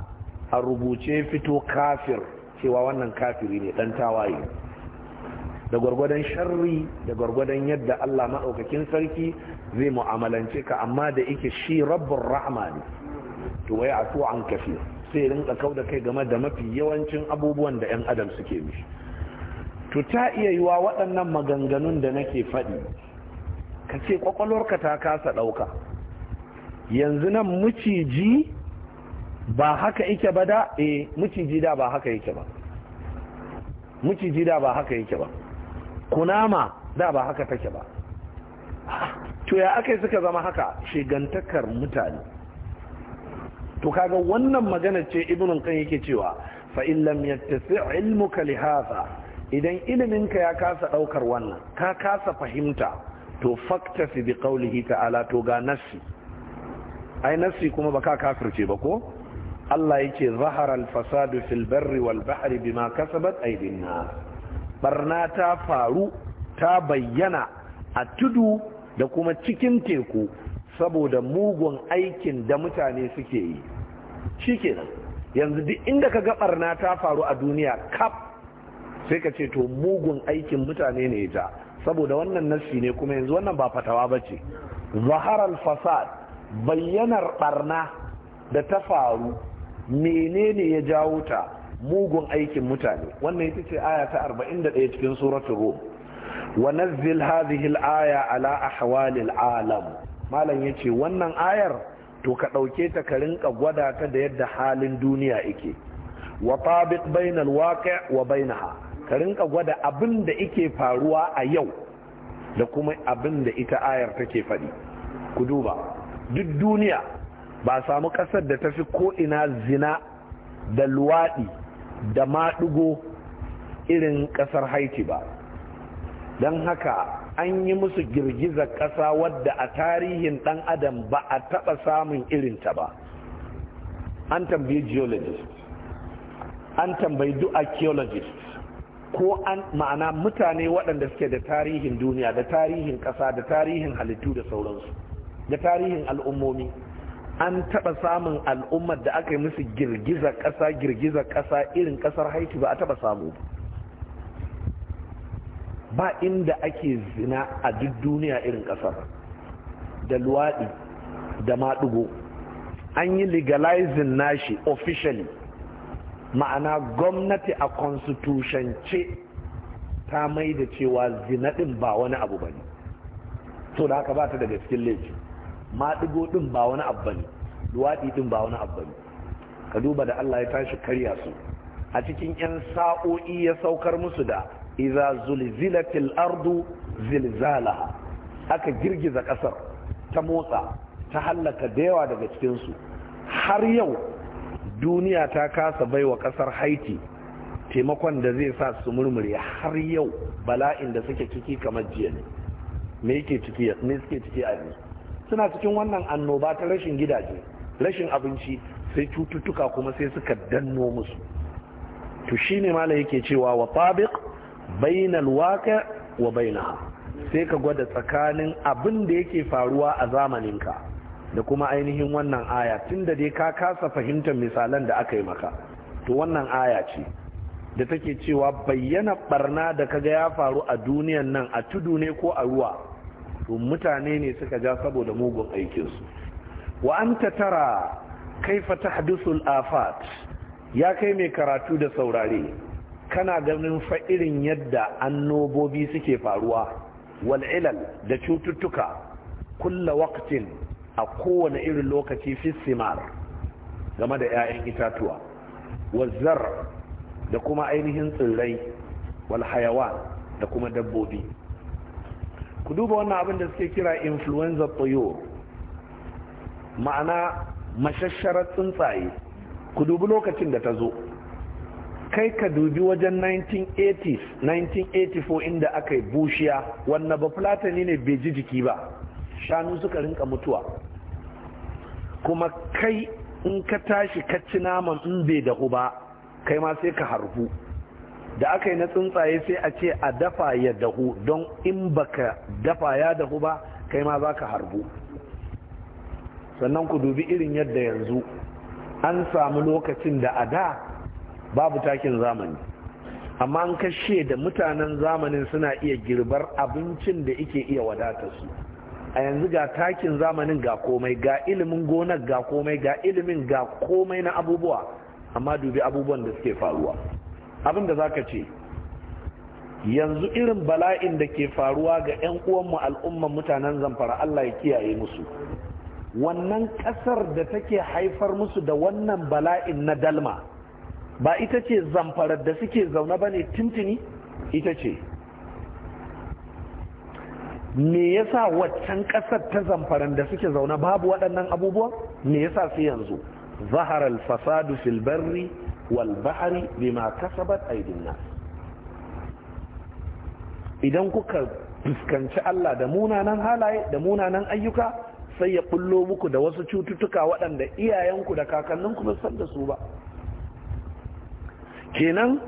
a rubuce fito kafir cewa wannan kafiri ne dan tawaye da gwargwadon sharri da gwargwadon yadda Allah maɗaukakin sarki zai mu'amalance ka amma da yake shi rabbul rahama ne to wai a an kafi sai rinka kau da kai game da mafi yawancin abubuwan da 'yan adam suke mishi to ta iya yiwa waɗannan maganganun da nake faɗi ka ce kwakwalwarka ta kasa ɗauka yanzu nan muciji. ba haka yake ba da eh miciji da ba haka yake ba miciji da ba haka yake ba kunama da ba haka take ba to ya akai suka zama haka shigantakar mutane to kaga wannan magana ce ibnu kan yake cewa fa in lam yattasi ilmuka li hadha idan iliminka ya kasa daukar wannan ka kasa fahimta to faktafi bi qawlihi ta'ala to ga nassi ai nassi kuma baka kafirce ba ko Allah yake ce fasadu fil barri wal bahri bima kasabat aydin nas barna ta faru ta bayyana a tudu da kuma cikin teku saboda mugun aikin da mutane suke yi shikenan yanzu duk inda kaga ga barna ta faru a duniya kaf sai ka ce to mugun aikin mutane ne ta saboda wannan nasi ne kuma yanzu wannan ba fatawa bace zahara fasad bayyanar barna da ta faru menene ya jawo ta mugun aikin mutane wannan ita ce aya ta 41 cikin suratul rum wa nazzil hadhihi al-aya ala ahwali al-alam malam yace wannan ayar to ka dauke ta ka rinka gwada ta da yadda halin duniya yake wa tabiq bayna al-waqi' wa baynaha ka rinka gwada abin da yake faruwa a yau da kuma abin da ita ayar take faɗi ku duba duk duniya ba samu ƙasar da ta fi ko'ina zina da luwaɗi da maɗigo irin ƙasar haiti ba don haka an yi musu girgiza ƙasa wadda a tarihin ɗan adam ba a taɓa samun irinta ba an tambayi geologist an tambayi duk archaeologist ko an ma'ana mutane waɗanda suke da tarihin duniya da tarihin ƙasa da tarihin halittu da sauransu da tarihin al'ummomi an taɓa samun al'ummar da aka yi musu girgiza ƙasa girgiza ƙasa irin ƙasar haiti ba a taɓa samu ba inda ake zina a duk duniya irin ƙasar da luwaɗi da maɗugo an yi legalizing nashi officially ma'ana gwamnati a ce ta mai da cewa zina ɗin ba wani abu ba ne to da haka ba ta daga cikin laifi maɗigo ɗin ba wani abu ne ɗin ba wani abu ka duba da Allah ya tashi karya su a cikin 'yan sa'o'i ya saukar musu da iza zulzilatil ardu zilzalaha aka girgiza ƙasar ta motsa ta hallaka da yawa daga cikinsu har yau duniya ta kasa baiwa ƙasar haiti taimakon da zai sa su murmure har yau bala'in da suke ciki kamar jiya ne me yake suke ciki a yanzu suna cikin wannan annoba ta rashin gidaje rashin abinci sai cututtuka kuma sai suka danno musu to shi ne mala yake cewa wa tabiq bainal waqi' wa bainaha sai ka gwada tsakanin abin da yake faruwa a zamaninka da kuma ainihin wannan aya tunda dai ka kasa fahimtar misalan da aka yi maka to wannan aya ce da take cewa bayyana barna da kaga ya faru a duniyan nan a tudu ne ko a ruwa to mutane ne suka ja saboda mugun aikinsu wa an ta tara kaifa Tahdusul afat ya kai mai karatu da saurare kana ganin fa irin yadda annobobi suke faruwa wal'ilal da cututtuka kulla waqtin a kowane irin lokaci fisimar game da 'ya'yan itatuwa wazzar da kuma ainihin tsirrai wal hayawan da kuma dabbobi ku duba wannan abin da suke kira influenza tsoyo ma'ana mashasharar tsuntsaye ku dubi lokacin da ta zo kai ka dubi wajen 1980s 1984 inda aka yi bushiya wannan ba fulatani ne bai ji jiki ba shanu suka rinka mutuwa kuma kai in ka tashi ka ci naman in bai dahu ba kai ma sai ka harbu da aka yi na tsuntsaye sai a ce a dafa ya dahu don in baka dafa ya dahu ba kai ma za ka harbu sannan ku dubi irin yadda yanzu an samu lokacin da a da babu takin zamani amma an kashe da mutanen zamanin suna iya girbar abincin da ike iya wadata su a yanzu ga takin zamanin ga komai ga ilimin gonar ga komai ga ilimin ga komai na abubuwa amma dubi abubuwan da suke faruwa abinda za ka ce yanzu irin bala'in da ke faruwa ga 'yan uwanmu al'umman mutanen zamfara Allah ya kiyaye musu wannan ƙasar da take haifar musu da wannan bala'in na dalma ba ita ce zamfarar da suke zaune ba ne tintini ita ce me yasa waccan ƙasar ta zamfaran da suke zaune babu waɗannan abubuwan me yasa su yanzu zaharar fasadu filbarri Walbahari bahari bima kasabat aydin nas idan kuka fuskanci Allah da munanan halaye da munanan ayyuka sai ya bullo muku da wasu cututtuka waɗanda iyayenku da kakanninku ba san da su ba kenan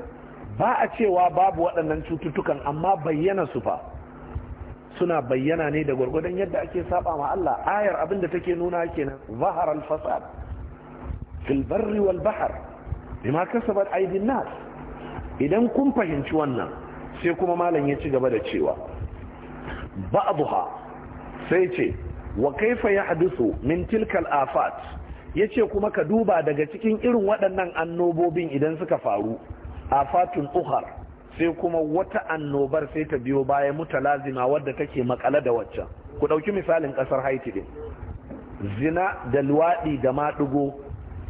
ba a cewa babu waɗannan cututtukan amma bayyana su fa suna bayyana ne da gwargwadon yadda ake saba ma Allah ayar abin da take nuna kenan zahar al-fasad fil barri wal bahr bima kasabat aidin nas idan kun fahimci wannan sai kuma malam ya ci gaba da cewa ba'dha sai ce wa kaifa yahdusu min tilkal afat yace kuma ka duba daga cikin irin waɗannan annobobin idan suka faru afatun ukhar sai kuma wata annobar sai ta biyo baya lazima wadda take maƙala da waccan ku ɗauki misalin ƙasar haiti din zina da luwaɗi da maɗigo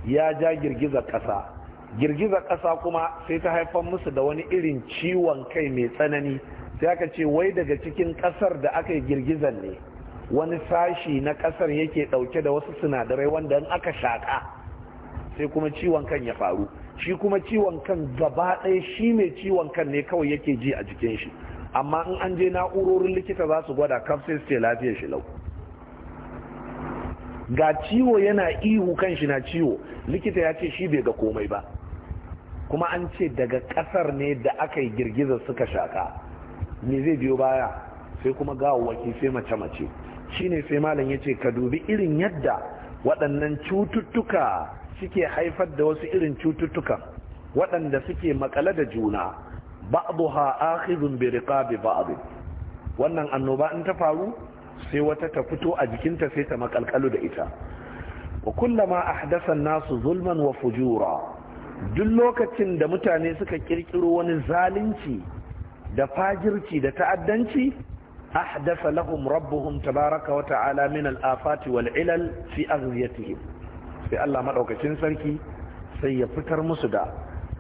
ya ja girgizar ƙasa girgizar ƙasa kuma sai ta haifar musu da wani irin ciwon kai mai tsanani sai aka ce wai daga cikin ƙasar da aka yi girgizar ne wani sashi na ƙasar yake ɗauke da wasu sinadarai wanda in aka shaƙa sai kuma ciwon kan ya faru shi kuma ciwon kan gaba ɗaya shi mai ciwon kan ne kawai yake ji a jikin shi amma in an je na'urorin likita za su gwada kaf sai su ce lafiyar shi lau ga ciwo yana ihu kan shi na ciwo likita ya ce shi bai ga komai ba kuma an ce daga kasar ne da aka yi girgiza suka shaka me zai biyo baya sai kuma gawawwaki sai mace-mace shine sai malam ya ce ka dubi irin yadda waɗannan cututtuka suke haifar da wasu irin cututtukan waɗanda suke makale da juna ba'dha akhidun bi riqabi ba'd wannan annoba in ta faru sai wata ta fito a jikinta sai ta makalkalu da ita wa kullama ahdasa an-nasu zulman wa fujura duk lokacin da mutane suka kirkiro wani zalunci da fajirci da ta'addanci ahdasa lahum rabbuhum tabaraka wa ta'ala min al-afati wal ilal fi aghyatihim sai Allah madaukakin sarki sai ya fitar musu da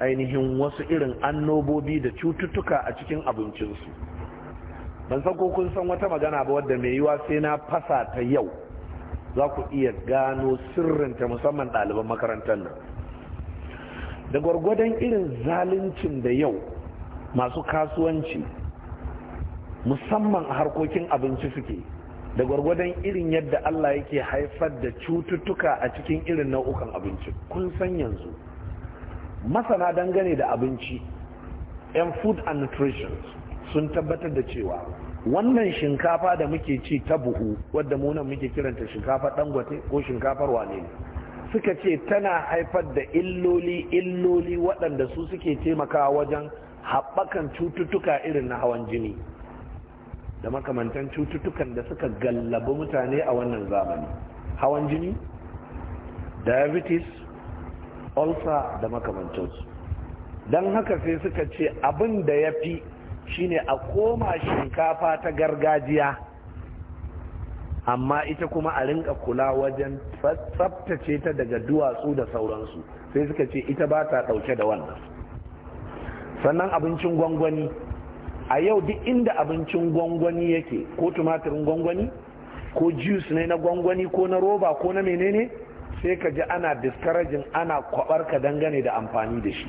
ainihin wasu irin annobobi da cututtuka a cikin abincinsu ban san ko kun san wata magana ba wadda mai yiwa sai na fasa ta yau za ku iya gano sirrinta musamman ɗaliban makarantar nan da gwargwadon irin zaluncin da yau masu kasuwanci musamman a harkokin abinci suke da gwargwadon irin yadda Allah yake haifar da cututtuka a cikin irin nau'ukan abinci kun san yanzu masana dangane da abinci 'yan food and nutrition sun tabbatar da cewa wannan shinkafa da muke ci ta buhu wadda munan muke kiranta shinkafa dangote ko shinkafar wane suka ce tana haifar da illoli illoli waɗanda su suke taimakawa wajen haɓakan cututtuka irin na hawan jini da makamantan cututtukan da suka gallabi mutane a wannan zamani hawan jini diabetes ulcer da makamantansu don haka sai suka ce abin da ya fi shine a koma shinkafa ta gargajiya amma ita kuma a rinka kula wajen tsaftace ta daga duwatsu da sauransu sai suka ce ita ba ta ɗauke da wannan sannan abincin gwangwani a yau duk inda abincin gwangwani yake ko tumatirin gwangwani ko juice ne na gwangwani ko na roba ko na menene sai ka ji ana diskarajin ana kwabar ka dangane da amfani da shi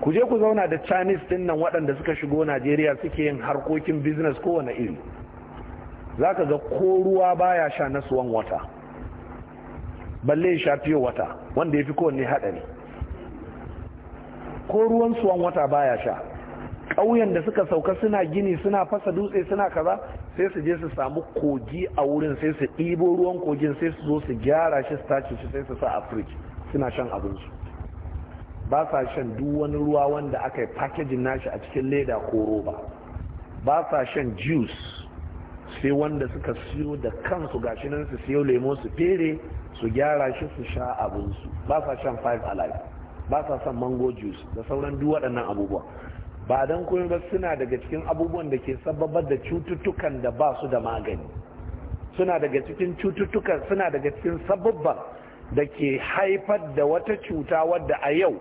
ku je ku zauna da chinese din nan waɗanda suka shigo najeriya suke yin harkokin business kowane iri za ka ga ko ruwa baya sha na suwan wata balle sha fiye wata wanda ya fi kowanne haɗari ko ruwan suwan wata baya sha ƙauyen da suka sauka suna gini suna fasa dutse suna kaza sai su je su samu kogi a wurin sai su ɗibo ruwan kogin sai su zo su gyara shi su tace shi sai su sa a firij suna shan abinsu ba sa shan duk wani ruwa wanda aka yi packaging nashi a cikin leda ko roba ba sa shan juice sai wanda suka siyo da kansu gashi nan su siyo lemo su fere su gyara shi su sha abinsu ba sa shan five alive ba sa son mango juice da sauran duk waɗannan abubuwa ba don kuma ba suna daga cikin abubuwan da ke sababar da cututtukan da ba su da magani suna daga cikin cututtukan suna daga cikin sababban da ke haifar da wata cuta wadda a yau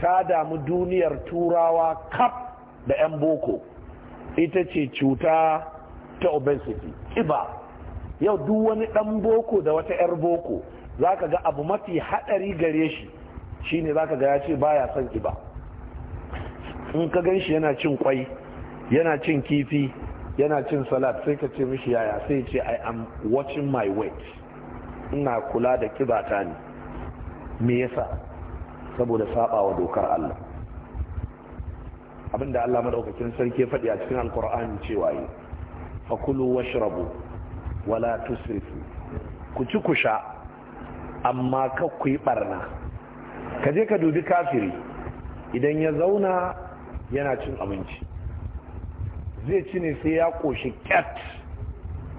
ta damu duniyar turawa kaf da 'yan boko ita ce cuta ta obesity kiba yau duk wani ɗan boko da wata yar boko zaka ga abu mafi hadari gare shi shine zaka ga ya ce baya son kiba in ka gan shi yana cin kwai yana cin kifi yana cin salad sai ka ce mishi yaya sai ce i am watching my weight ina kula da kibata ne me yasa saboda wa dokar Allah abinda Allah madaukakin sarki ya faɗi a cikin alkur'ani cewa yi fakulu washrabu wala tusrifu ku ci ku sha amma ka ku yi barna ka je ka dubi kafiri idan ya zauna yana cin abinci zai ci ne sai ya koshi kyat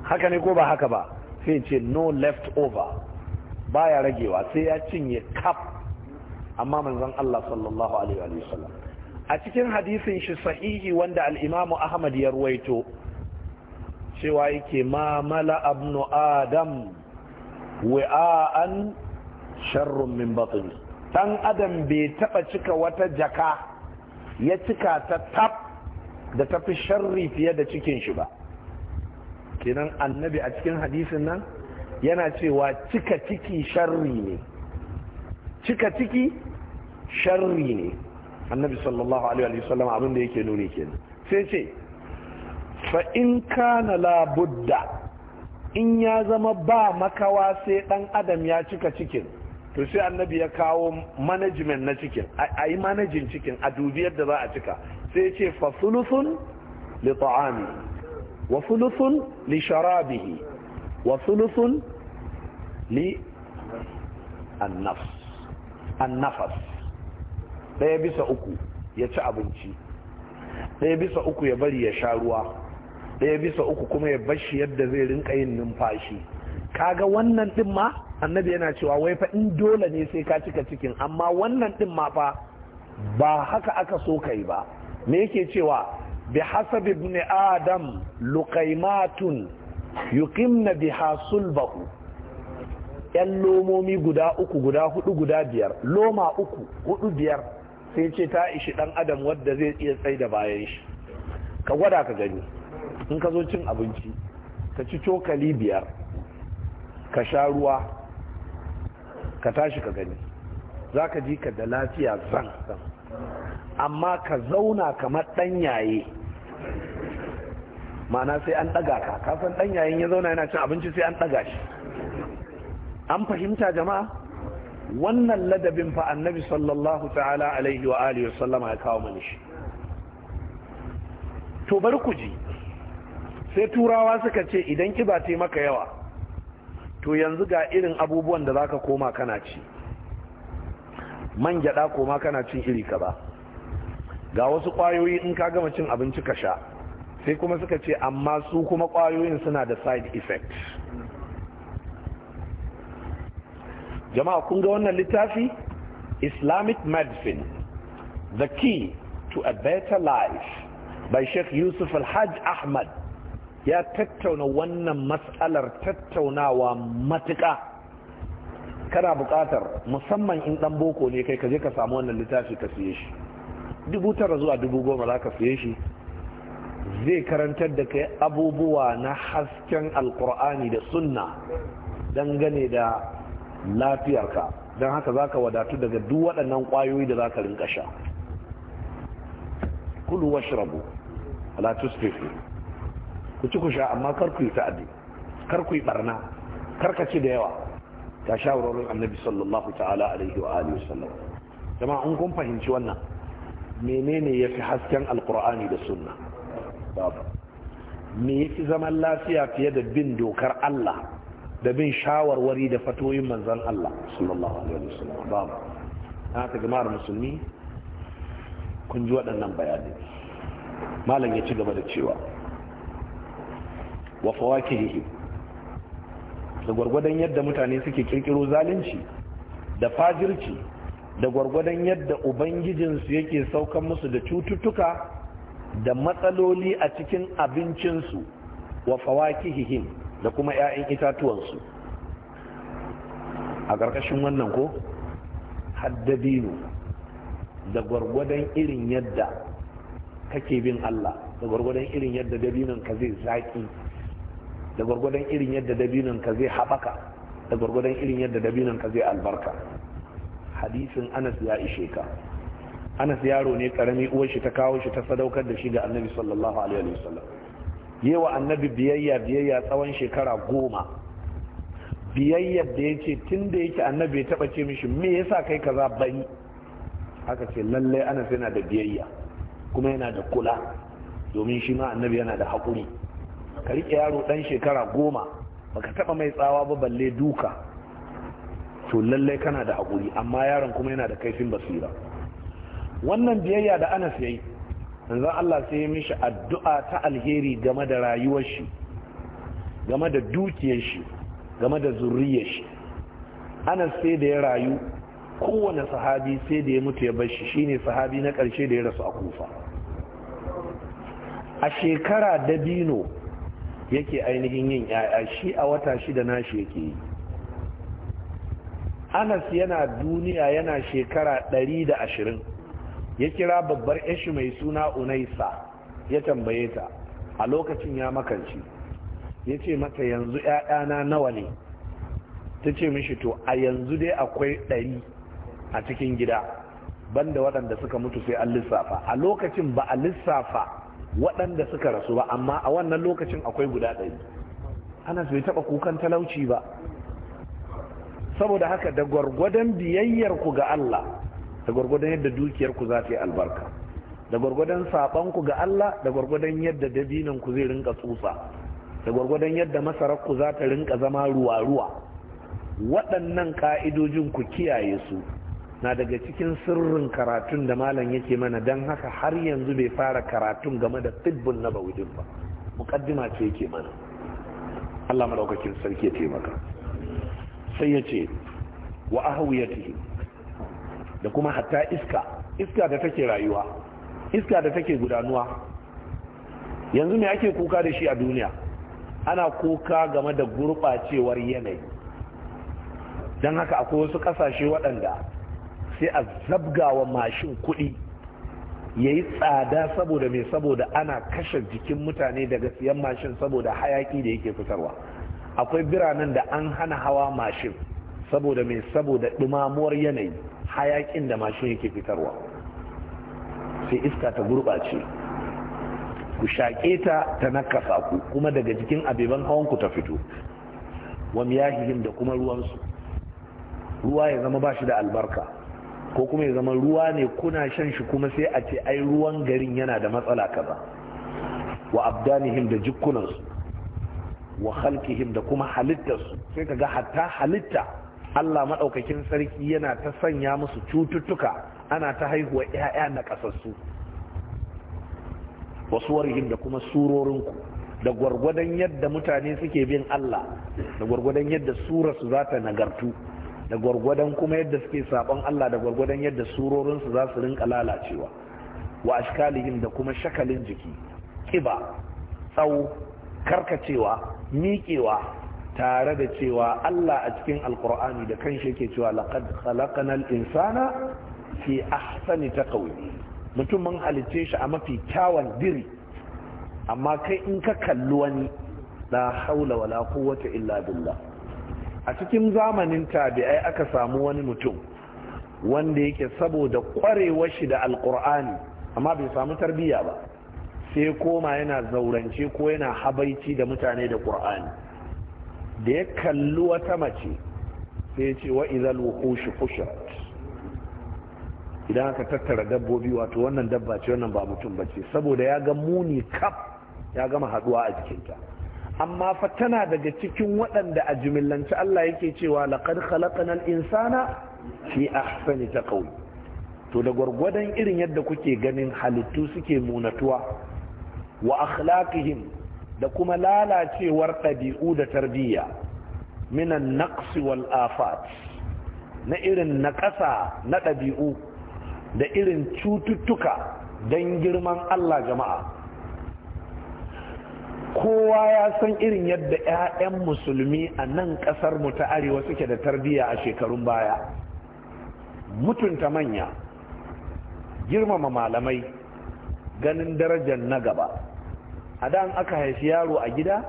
haka ne ko ba haka ba sai ce no left over Ba ya ragewa sai ya cinye kaf amma manzon Allah sallallahu alaihi wa a cikin hadisin shi sahihi wanda al'imamu Ahmad ya ruwaito cewa yake ma mala abnu adam wi'a'an sharrun min batni dan adam bai taba cika wata jaka ya cika ta tab da tafi sharri fiye da cikin shi ba kenan annabi a cikin hadisin nan yana cewa cika ciki sharri ne cika ciki sharri ne annabi sallallahu alaihi wasallam abin da yake nuni kenan sai ce fa in kana labudda in ya zama ba makawa sai dan adam ya cika cikin to sai annabi ya kawo management na cikin a yi manajin cikin a dubi yadda za a cika sai ya ce fa sulusun li ta'ami wa sulusun li sharabihi wa sulusun li an annafas ɗaya bisa uku ya ci abinci ɗaya bisa uku ya bari ya sha ruwa ɗaya bisa uku kuma ya bashi yadda zai rinka yin numfashi kaga wannan din ma annabi yana cewa wai fa in dole ne sai ka cika cikin amma wannan din ma fa ba haka aka so kai ba me yake cewa bi hasab ibn adam luqaymatun yuqimna biha sulbahu yan lomomi guda uku guda hudu guda biyar loma uku hudu biyar sai ce ta ishi dan adam wadda zai iya tsaida bayan shi ka gwada ka gani in ka zo cin abinci ka ci cokali biyar ka sha ruwa ka tashi ka gani za ka ji ka da lafiya zan zan amma ka zauna kamar ɗanyaye mana sai an ɗaga ka kasan ɗanyayen ya zauna yana cin abinci sai an ɗaga shi an fahimta jama'a wannan ladabin fa annabi sallallahu ta'ala alaihi wa alihi wa ya kawo mana shi to bari ku ji sai turawa suka ce idan ki ba ta maka yawa to yanzu ga irin abubuwan da za ka koma kana ci man gyada koma kana cin iri ka ba ga wasu kwayoyi in ka gama cin abinci ka sha sai kuma suka ce amma su kuma kwayoyin suna da side effect jama'a kun ga wannan littafi islamic medicine the key to a better life by sheikh yusuf alhaj ahmad ya tattauna wannan matsalar tattaunawa matuƙa kana buƙatar musamman in ɗan boko ne kai ka je ka samu wannan littafi ka siye shi dubu tara zuwa dubu goma za ka siye shi zai karantar da kai abubuwa na hasken alkur'ani da sunna dangane da lafiyarka don haka za ka wadatu daga duk waɗannan ƙwayoyi da za ka rinka sha kulu washrabu ala ku ci ku sha amma kar ku yi ta'adi kar ku yi barna kar ka ci da yawa ta shawarorin annabi sallallahu ta'ala alaihi wa alihi wasallam jama'a in kun fahimci wannan menene yafi hasken alqur'ani da sunna babu me yafi zaman lafiya fiye da bin dokar Allah da bin shawarwari da fatoyin manzon Allah sallallahu alaihi wasallam babu haka jama'ar musulmi kun ji waɗannan bayanai malam ya ci gaba da cewa wa fawakihi da gwargwadon yadda mutane suke kirkiro zalunci da fajirci da gwargwadon yadda ubangijinsu yake saukan musu da cututtuka da matsaloli a cikin abincinsu wa fawakihihim da kuma 'ya'yan itatuwansu a ƙarƙashin wannan ko haddadinu da gwargwadon irin yadda kake bin Allah da gwargwadon irin yadda dabinan ka zai zaƙi. da gwargwadon irin yadda dabinan ka zai haɓaka da gwargwadon irin yadda dabinan ka zai albarka hadisin anas ya ishe ka anas yaro ne karami uwar shi ta kawo shi ta sadaukar da shi ga annabi sallallahu alaihi wasallam yewa annabi biyayya biyayya tsawon shekara goma biyayyar da yake tunda yake annabi ya taɓa ce mishi me yasa kai kaza bani aka ce lallai anas yana da biyayya kuma yana da kula domin shi ma annabi yana da haƙuri ka riƙe yaro ɗan shekara goma baka taɓa mai tsawa ba balle duka to lallai kana da haƙuri amma yaron kuma yana da kaifin basira wannan biyayya da anas yi zan Allah sai ya mishi addu'a ta alheri game da rayuwar shi game da dukiyar shi game da zurriyar shi anas sai da ya rayu kowane sahabi sai da ya mutu ya bar shi shine sahabi na ƙarshe da ya rasu a kufa a shekara dabino yake ainihin yin yaya shi a wata shida nashi yake yi anas yana duniya yana shekara ɗari da ashirin ya kira babbar yashi mai suna unaisa ya tambaye ta a lokacin ya makanci ya ce mata yanzu 'ya'yana nawa ne ta ce mishi to a yanzu dai akwai ɗari a cikin gida banda waɗanda suka mutu sai an lissafa a lokacin ba a lissafa waɗanda suka rasu ba amma a wannan lokacin akwai guda ɗari anas bai taɓa kukan talauci ba saboda haka da gwargwadon biyayyarku ga Allah da gwargwadon yadda dukiyarku za ta yi albarka da gwargwadon saɓanku ga Allah da gwargwadon yadda ku zai rinka tsufa da gwargwadon yadda masararku za ta rinka zama ruwa-ruwa waɗannan ka'idojin ku kiyaye su na daga cikin sirrin karatun da malam yake mana don haka har yanzu bai fara karatun game da tibbin na bawudin ba mukaddima ce yake mana Allah madaukakin sarki ya taimaka sai ya ce wa ahwiyatihi da kuma hatta iska iska da take rayuwa iska da take gudanuwa yanzu me ake kuka da shi a duniya ana kuka game da gurɓacewar yanayi don haka akwai wasu ƙasashe waɗanda sai a zabgawa mashin kuɗi ya yi tsada saboda mai saboda ana kashe jikin mutane daga siyan mashin saboda hayaki da yake fitarwa akwai biranen da an hana hawa mashin saboda mai saboda ɗumamuwar yanayi hayakin da mashin yake fitarwa sai iska ta gurɓace ku shaƙe ta ta nakasa ku kuma daga jikin abeban hawanku ta fito wani yahihin da kuma ruwansu ruwa ya zama ba shi da albarka ko kuma ya zama ruwa ne kuna shan shi kuma sai a ce ai ruwan garin yana da matsala kaza wa abdanihim da jikkunansu wa khalqihim da kuma halittarsu sai ka ga hatta halitta Allah maɗaukakin sarki yana ta sanya musu cututtuka ana ta haihuwa ‘ya'ya na kasassu wasu da kuma surorinku da gwargwadon yadda mutane suke bin Allah da gwargwadon yadda surarsu za ta nagartu da gwargwadon kuma yadda suke sabon Allah da gwargwadon yadda surorinsu za su rinka lalacewa wa ashkalihim da kuma shakalin jiki kiba tsawo karkacewa miƙewa tare da cewa Allah a cikin alkur'ani da kanshi yake cewa laqad khalaqnal insana fi ahsani taqwim mutum mun halice shi a mafi kyawun diri amma kai in ka kalli wani la haula wala quwwata illa billah a cikin zamanin tabi'ai aka samu wani mutum wanda yake saboda kwarewar shi da alkur'ani amma bai samu tarbiyya ba sai koma yana zaurance ko yana habaici da mutane da qur'ani da ya kalli wata mace sai ce wa idhal wuhush idan aka tattara dabbobi wato wannan dabba ce wannan ba mutum ba ce saboda ya ga muni kaf ya gama haduwa a jikinta amma fa tana daga cikin waɗanda a jimillanci Allah yake cewa laqad khalaqnal insana fi ahsani ƙauye. to da gwargwadon irin yadda kuke ganin halittu suke munatuwa wa akhlaqihim da kuma lalacewar ɗabi'u da tarbiyya minan naqs wal afat na irin naƙasa na ɗabi'u da irin cututtuka don girman Allah jama'a kowa ya san irin yadda 'ya'yan musulmi a nan ƙasar mu ta arewa suke da tarbiyya a shekarun baya mutunta manya girmama malamai ganin darajar na gaba a dan aka haifi yaro a gida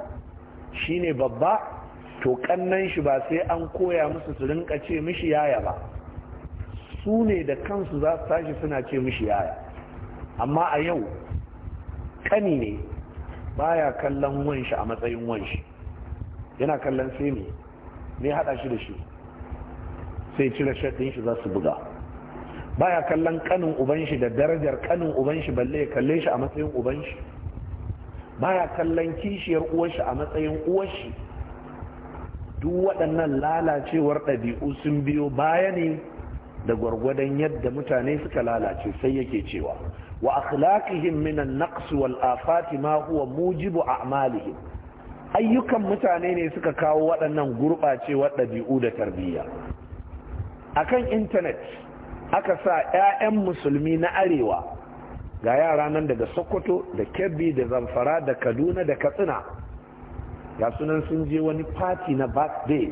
shine babba to kannan shi ba sai an koya musu su rinka ce mishi yaya ba su ne da kansu za su tashi suna ce mishi yaya amma a yau kani ne baya kallon wanshi a matsayin wanshi yana kallon sai me ne hada shi da shi sai cire shaɗin shi za su buga baya kallon kanin uban shi da darajar kanin uban shi balle ya kalle shi a matsayin uban shi baya kallon kishiyar uwar shi a matsayin uwar shi duk waɗannan lalacewar ɗabi'u sun biyo baya ne da gwargwadon yadda mutane suka lalace sai yake cewa wa akhlaqihim min an-naqs wal afati ma huwa mujibu a'malihim ayyukan mutane ne suka kawo waɗannan gurɓacewar ɗabi'u da tarbiyya akan intanet aka sa 'ya'yan musulmi na arewa ga yara nan daga sokoto da kebbi da zamfara da kaduna da katsina ga sunan sun je wani fati na birthday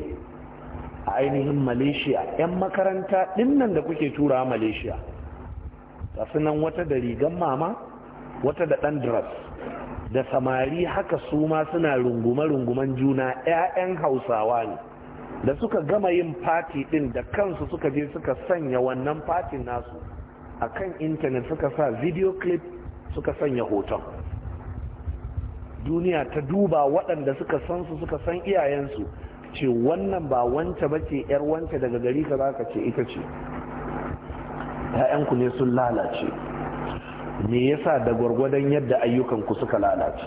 a ainihin malaysia 'yan makaranta ɗinnan da kuke turawa malaysia kasu nan wata da rigan mama wata da ɗan dress da samari haka su ma suna rungume runguman juna 'ya'yan hausawa ne da suka gama yin fati ɗin da kansu suka je suka sanya wannan fatin nasu a kan intanet suka sa video clip suka sanya hoton duniya ta duba waɗanda suka san su suka san iyayensu ce wannan ba wance bace 'yar wance daga gari ka za ka ce ita ce ‘ya'yanku ne sun lalace me yasa da gwargwadon yadda ayyukan ku suka lalace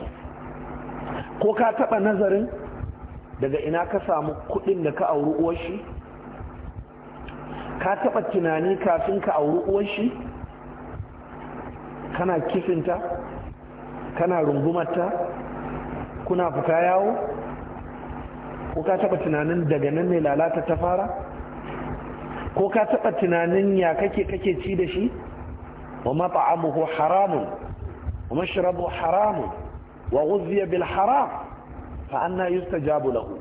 ko ka taɓa nazarin daga ina ka samu kuɗin da ka auri uwar shi ka taɓa tunani kafin ka auri uwar shi kana kifinta kana rungumarta kuna fita yawo ko ka taɓa tunanin daga nan ne lalata ta fara ko ka taɓa tunanin ya kake kake ci da shi wa mat'amuhu haramun wa mashrabu haramun wa ghuzziya bil haram fa anna yustajabu lahu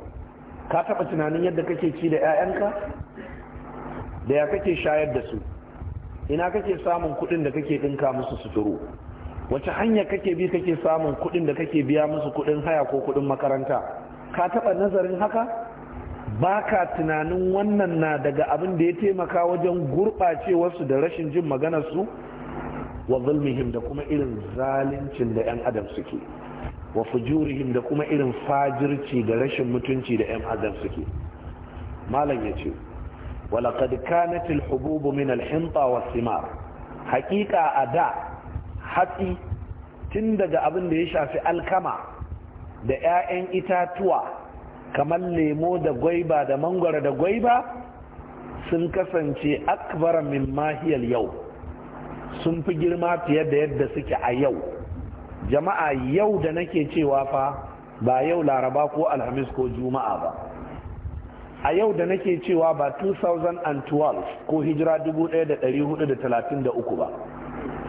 ka taɓa tunanin yadda kake ci da 'ya'yanka da ya kake shayar da su ina kake samun kuɗin da kake ɗinka musu suturu wace hanya kake bi kake samun kuɗin da kake biya musu kuɗin haya ko kuɗin makaranta ka taɓa nazarin haka Baka tunanin wannan na daga abin da ya taimaka wajen gurɓacewarsu da rashin jin maganarsu wa zulmihim da kuma irin zalincin da 'yan adam suke wa fujurihim da kuma irin fajirci da rashin mutunci da 'yan adam suke malam ya ce walaƙad kanatil hububu min alhinta wa simar haƙiƙa a da hatsi tun daga abin da ya shafi alkama da 'ya'yan itatuwa kamar lemo da gwaiba da mangwara da gwaiba sun kasance akbara min mahiyar yau sun fi girma fiye da yadda suke a yau jama'a yau da nake cewa fa ba yau laraba ko alhamis ko juma'a ba a yau da nake cewa ba 2012 ko hijira 1433 ba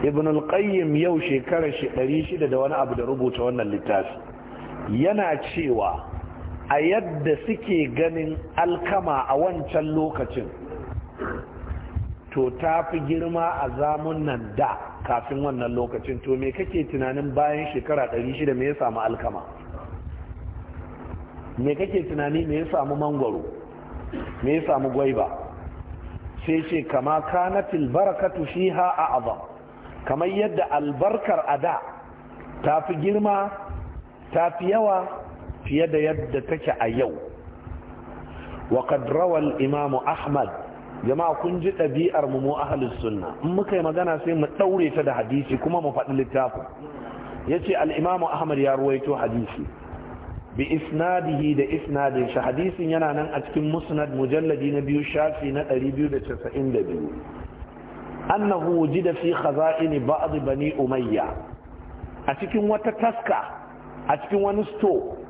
ibn al-qayyim yau shekarar shi 600 da wani abu da rubuta wannan littafi yana cewa a yadda suke ganin alkama a wancan lokacin to ta fi girma a zamun nan da kafin wannan lokacin to me kake tunanin bayan shekara 600 me ya samu alkama me kake tunani me ya samu mangwaro me ya samu gwaiba sai ce kama kanatil barakatu fiha a azam kamar yadda albarkar a da ta fi girma ta fi yawa fiye da yadda take a yau wa qad rawal imamu ahmad jama'a kun ji ɗabi'ar mu mu ahlus sunna in muka yi magana sai mu ɗaure ta da hadisi kuma mu faɗi littafin yace ce imamu ahmad ya ruwaito hadisi bi isnadihi da isnadin shi hadisin yana nan a cikin musnad mujalladi na biyu shafi na 292 annahu wujida fi khaza'in ba'd bani umayya a cikin wata taska a cikin wani store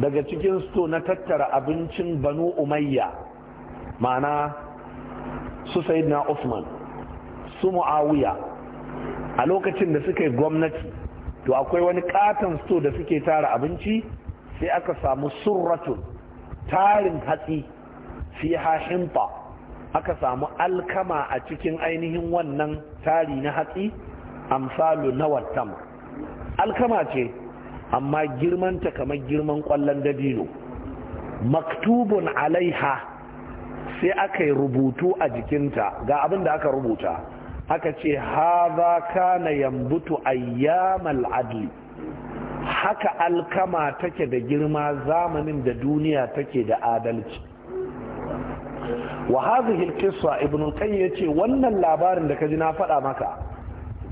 daga cikin sto na tattara abincin banu umayya ma'ana su Sayyidina usman su mu'awiya a lokacin da suka yi gwamnati to akwai wani katon sto da suke tara abinci sai aka samu surratun tarin hatsi fi hashimta aka samu alkama a cikin ainihin wannan tari na hatsi amsalu na wattam alkama ce amma girman ta kamar girman kwallon dabino maktubun alaiha sai aka yi rubutu a jikinta ga abin da aka rubuta aka ce haza kana yambutu ayyamal adli haka alkama take da girma zamanin da duniya take da adalci wa hazihi alqissa ibn al-qayyim yace wannan labarin da kaji na faɗa maka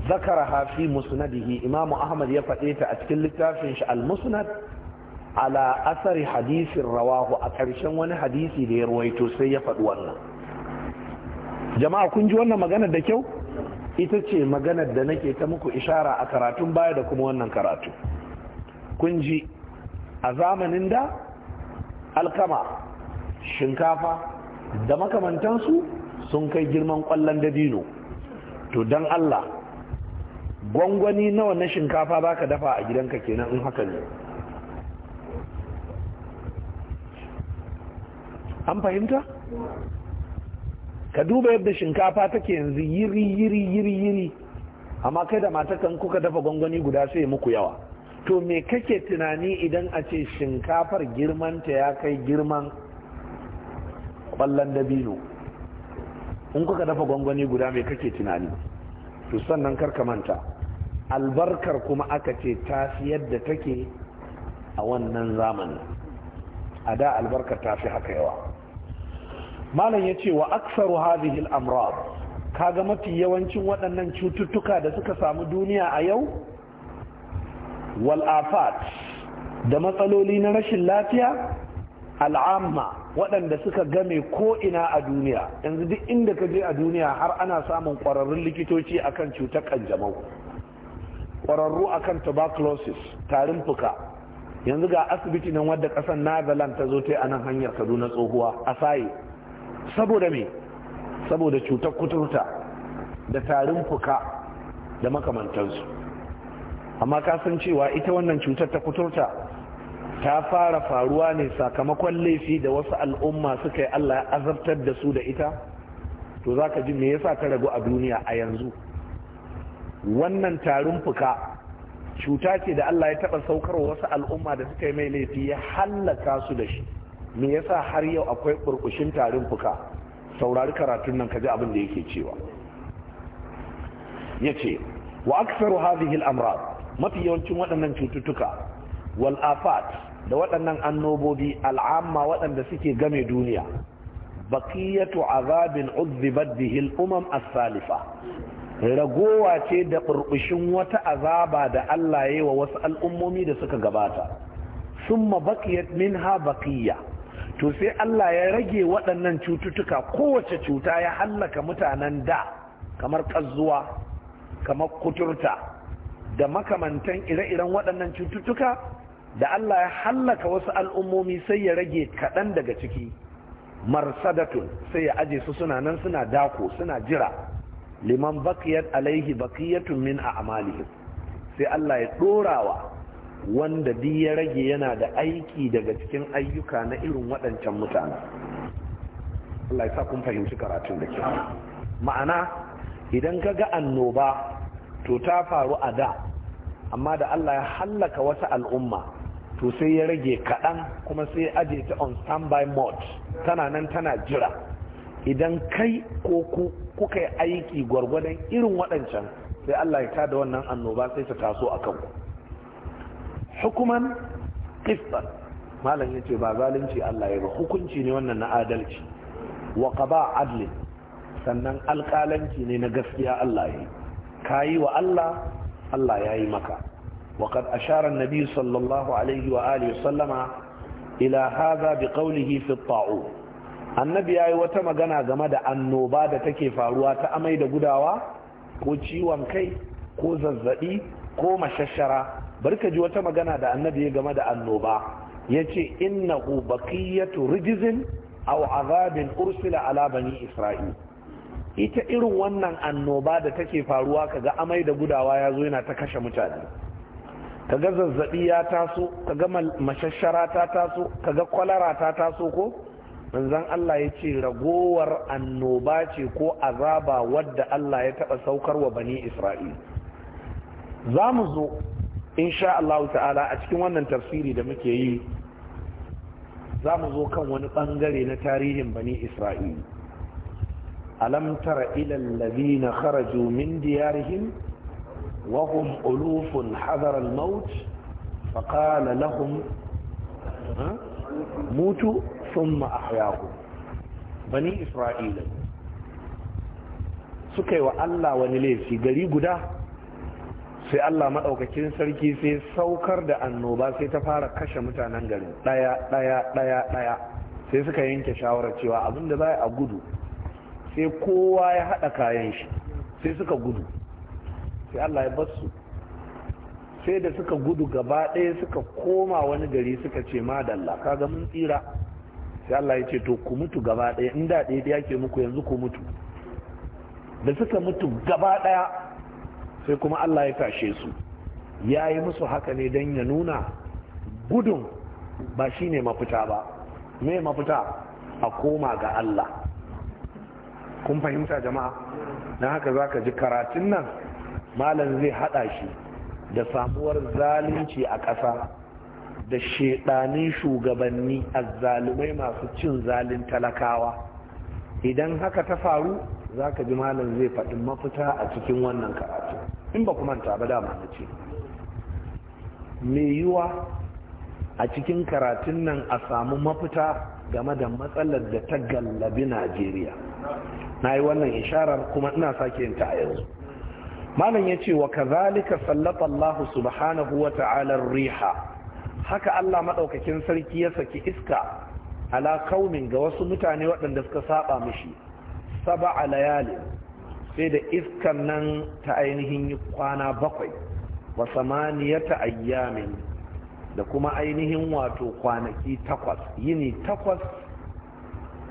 zakara Hafi Musnad, bi Imam Ahmad, ya faɗi ta a cikin littafin shi Al Musnad, ala asari hadisin Rawahu a ƙarshen wani hadisi da ya ruwaito sai ya faɗi wannan. Jama'a kun ji wannan maganar da kyau ita ce maganar da nake ta muku ishara a karatun baya da kuma wannan karatu. Kun ji a zamanin da alkama, shinkafa, da makamantansu sun kai girman ƙwallon daddino, to don Allah. gwangwani nawa na shinkafa ba ka dafa a gidanka kenan in haka ne an fahimta ka duba yadda shinkafa take yanzu yiri yiri yiri yiri amma kai da matakan kuka dafa gwangwani guda sai muku yawa to me kake tunani idan a ce shinkafar girmanta ya kai girman kwallon dabino in kuka dafa gwangwani guda mai kake tunani to sannan karka manta albarkar kuma aka ce ta fi yadda take a wannan zamanin a da albarkar ta fi haka yawa malam ya ce wa aksaru hadhihi al-amrad kaga mafi yawancin waɗannan cututtuka da suka samu duniya a yau wal afat da matsaloli na rashin lafiya al'amma waɗanda suka game ko ina a duniya yanzu duk inda ka je a duniya har ana samun ƙwararrun likitoci akan cutar ƙanjamau. Kwararru a kan tuberculosis tarin fuka yanzu ga asibiti nan wadda kasar netherland ta zo ta a nan hanyar kaduna tsohuwa a saye saboda me saboda cutar kuturta da tarin fuka da makamantansu amma ka san cewa ita wannan cutar ta kuturta ta fara faruwa ne sakamakon laifi da wasu al'umma suka yi allah ya azabtar da su da ita to za ka ji me yasa ta ragu a duniya a yanzu wannan tarin fuka cuta ce da Allah ya taɓa saukar wasu al'umma da suka yi mai laifi ya hallaka su da shi me yasa har yau akwai burkushin tarin fuka saurari karatun nan kaji abin da yake cewa yace wa aksaru hadhihi al mafi yawancin waɗannan cututtuka wal afat da waɗannan annobobi al'amma waɗanda suke game duniya baqiyatu azabin uzzibat bihi al-umam as-salifa ragowa ce da burbushin wata azaba da Allah ya yi wa wasu al'ummomi da suka gabata summa baqiyat minha baqiya to sai Allah ya rage waɗannan cututtuka kowace cuta ya hallaka mutanen da kamar ƙazuwa kamar kuturta da makamantan ire-iren waɗannan cututtuka da Allah ya hallaka wasu al'ummomi sai ya rage kaɗan daga ciki marsadatun sai ya aje su suna nan suna dako suna jira liman bakiyat alaihi bakiyatun min a amalihim sai Allah ya ɗorawa wanda bi ya rage yana da aiki daga cikin ayyuka na irin waɗancan mutane Allah ya sa kun fahimci karatun da ke ma'ana idan ka ga annoba to ta faru a da amma da Allah ya hallaka wata al'umma to sai ya rage kaɗan kuma sai ya aje ta on standby mode tana nan tana jira idan kai ko ku kuka yi aiki gwargwadon irin waɗancan sai Allah ya tada wannan annoba sai ta taso a kanku hukuman qistan malam yace ba zalunci Allah ya ba hukunci ne wannan na adalci wa qaba adli sannan alƙalanci ne na gaskiya Allah ya yi wa Allah Allah ya yi maka وقد أشار النبي صلى الله عليه وآله وسلم إلى هذا بقوله في الطاعون annabi ya yi wata magana game da annoba da take faruwa ta amai da gudawa ko ciwon kai ko zazzaɓi ko mashashara bari ka ji wata magana da annabi ya game da annoba ya ce innahu baqiyatu rijzin aw azabin ursila ala bani isra'il ita irin wannan annoba da take faruwa kaga amai da gudawa ya zo yana ta kashe mutane kaga zazzaɓi ya taso kaga mashashara ta taso kaga kwalara ta taso ko manzon Allah ya ce ragowar annoba ce ko azaba wadda Allah ya taɓa saukar wa bani Isra'il za mu zo insha Allah ta'ala a cikin wannan tafsiri da muke yi za mu zo kan wani ɓangare na tarihin bani Isra'il alam tara ila alladhina kharaju min diyarihim wa hum ulufun hadar al-maut faqala lahum mutu thumma ahyahu bani isra'ila suka yi wa Allah wani laifi gari guda sai Allah maɗaukakin sarki sai saukar da annoba sai ta fara kashe mutanen garin ɗaya ɗaya ɗaya ɗaya sai suka yanke shawarar cewa abin da za a gudu sai kowa ya haɗa kayan shi sai suka gudu sai Allah ya bar su sai da suka gudu gaba ɗaya suka koma wani gari suka ce madalla kaga mun tsira sai Allah ya ce to ku mutu gaba ɗaya in da ɗaya ɗaya ke muku yanzu ku mutu da suka mutu gaba ɗaya sai kuma Allah ya tashe su ya yi musu haka ne don ya nuna gudun ba shi ne mafita ba me mafita a koma ga Allah kun fahimta jama'a na haka za ka ji karatun nan malam zai haɗa shi da samuwar zalunci a ƙasa da shedanin shugabanni azzalumai masu cin zalin talakawa idan haka ta faru za ka ji malam zai faɗi mafita a cikin wannan karatu in ba kuma ta ba dama na ce mai yiwa a cikin karatun nan a samu mafita game da matsalar da ta gallabi najeriya na yi wannan isharar kuma ina sake yin ta yanzu malam ya ce wa kazalika sallata allahu subhanahu wa ta'ala riha haka Allah madaukakin sarki ya saki iska ala kaumin ga wasu mutane waɗanda suka saba mishi saba layalin, sai da iskan nan ta ainihin kwana bakwai wa samaniyata ayyamin da kuma ainihin wato kwanaki takwas yini takwas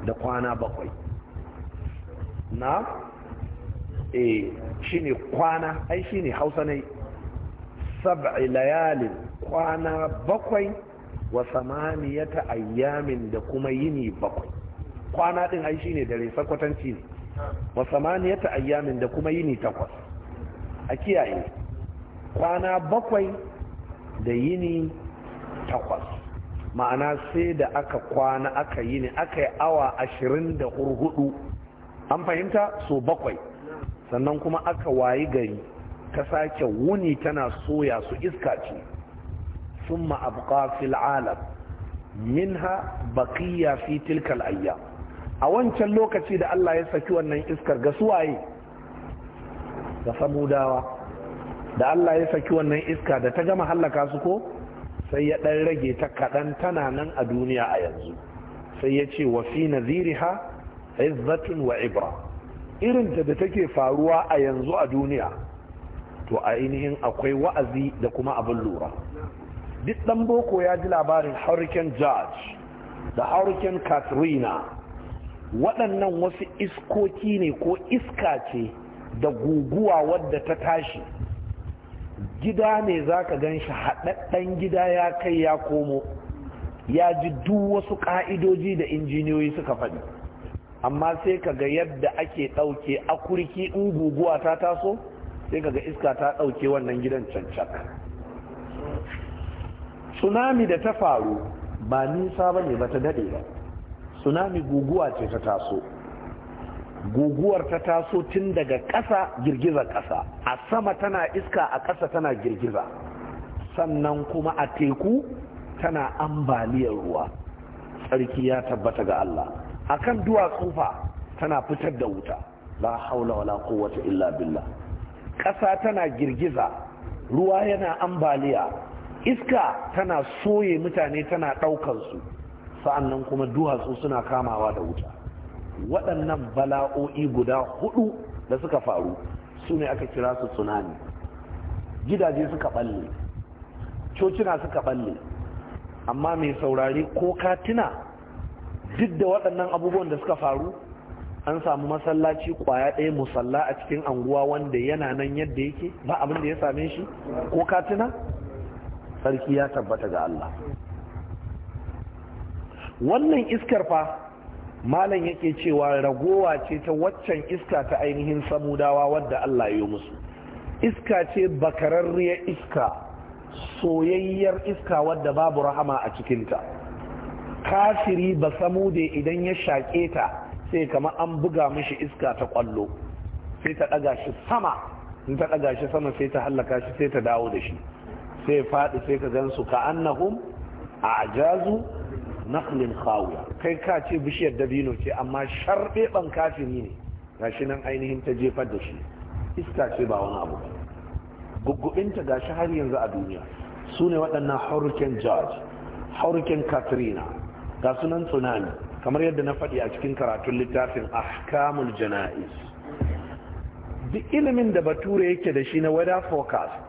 da kwana bakwai na e shine kwana ai shine hausa ne sab'i layalin kwana bakwai wa samaniyata ayyamin da kuma yini bakwai kwana din ai shine dare sakwatanci ne wa samaniyata ayyamin da kuma yini takwas a kiyaye kwana bakwai da yini takwas ma'ana sai da aka kwana aka yini aka yi awa ashirin da hurhudu an fahimta so bakwai sannan kuma aka wayi gari ta sake wuni tana soya su iska ce ثم أبقى في العالم منها بقية في تلك الأيام أولا تلوك تيد الله يسكي أن إسكر قسوائي فمو داوة da Allah ya saki wannan iska da ta gama hallaka su ko sai ya ɗan rage ta kaɗan tana nan a duniya a yanzu sai ya ce wa fi naziriha izzatun wa ibra irinta da take faruwa a yanzu a duniya to ainihin akwai wa'azi da kuma abin lura duk dan boko ya ji labarin hurricane george da hurricane katrina waɗannan wasu iskoki ne ko iska ce da guguwa wadda ta tashi gida ne za ka gan shi haɗaɗɗen gida ya kai ya komo ya ji duk wasu ƙa'idoji da injiniyoyi suka faɗi amma sai ka ga yadda ake ɗauke a kurki in guguwa ta taso sai ka ga iska ta ɗauke wannan gidan cancak tsunami da ta faru ba nisa ba ne ba ta daɗe ba tsunami guguwa ce ta taso guguwar ta taso tun daga ƙasa girgiza ƙasa a sama tana iska a ƙasa tana girgiza sannan kuma a teku tana ambaliyar ruwa tsarki ya tabbata ga Allah akan duwatsu fa tana fitar da wuta la haula wala quwwata illa billa. ƙasa tana girgiza ruwa yana ambaliya iska tana soye mutane tana ɗaukansu sa'annan kuma duhatsu suna kamawa da wuta waɗannan bala'o'i guda hudu da suka faru su ne aka kira su tsunami gidaje suka balle cocina suka balle amma mai saurari ko katina duk da waɗannan abubuwan da suka faru an samu masallaci kwaya ɗaya musalla a cikin anguwa wanda yana nan yadda yake ba abin da ya same shi ko katina sarki ya tabbata ga Allah wannan iskar fa malam yake cewa ragowa ce ta waccan iska ta ainihin samudawa wadda Allah ya yi musu iska ce bakararriya iska soyayyar iska wadda babu rahama a cikinta kafiri ba samude idan ya shaƙe ta sai kama an buga mishi iska ta ƙwallo sai ta ɗaga shi sama in ta ɗaga shi sama sai ta hallaka shi sai ta dawo da shi sai faɗi sai ka gan su ka annahum a ajazu naqlin khawiya kai ka ce bishiyar dabino ce amma sharɓe ban kafiri ne gashi nan ainihin ta jefar da shi iska ce ba wani abu guggubinta gashi har yanzu a duniya su ne waɗannan hurricane george hurricane katrina ga sunan tsunami kamar yadda na faɗi a cikin karatun littafin ahkamul jana'iz duk ilimin da bature yake da shi na weather forecast